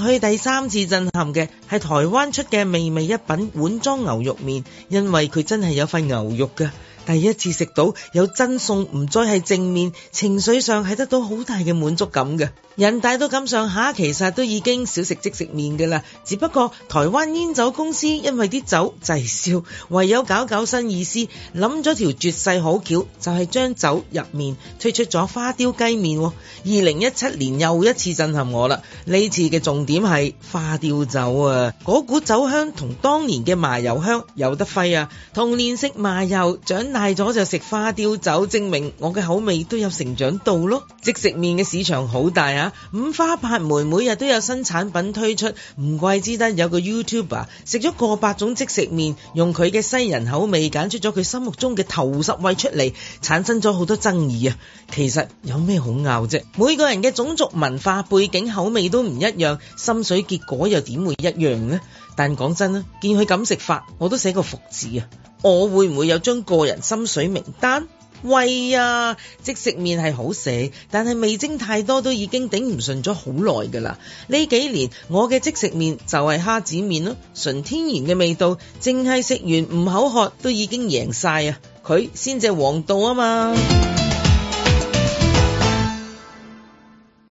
去第三次震撼嘅係台灣出嘅味味一品碗裝牛肉麵，因為佢真係有塊牛肉噶。第一次食到有真餸，唔再係正面情緒上係得到好大嘅滿足感嘅。人大到咁上下，其實都已經少食即食麵嘅啦。只不過台灣煙酒公司因為啲酒滯銷，唯有搞搞新意思，諗咗條絕世好橋，就係、是、將酒入麵推出咗花雕雞麵。二零一七年又一次震撼我啦！呢次嘅重點係花雕酒啊，嗰股酒香同當年嘅麻油香有得揮啊，同年食麻油大咗就食花雕酒，證明我嘅口味都有成長度咯。即食麵嘅市場好大啊，五花八門，每日都有新產品推出。唔怪之得有個 YouTuber 食咗過百種即食麵，用佢嘅西人口味揀出咗佢心目中嘅頭十位出嚟，產生咗好多爭議啊。其實有咩好拗啫？每個人嘅種族文化背景口味都唔一樣，心水結果又點會一樣呢？但講真啦，見佢咁食法，我都寫個服字啊。我會唔會有張個人心水名單？喂呀，即食麵係好食，但係味精太多都已經頂唔順咗好耐噶啦。呢幾年我嘅即食麵就係蝦子麵咯，純天然嘅味道，淨係食完唔口渴都已經贏晒啊！佢先至王道啊嘛。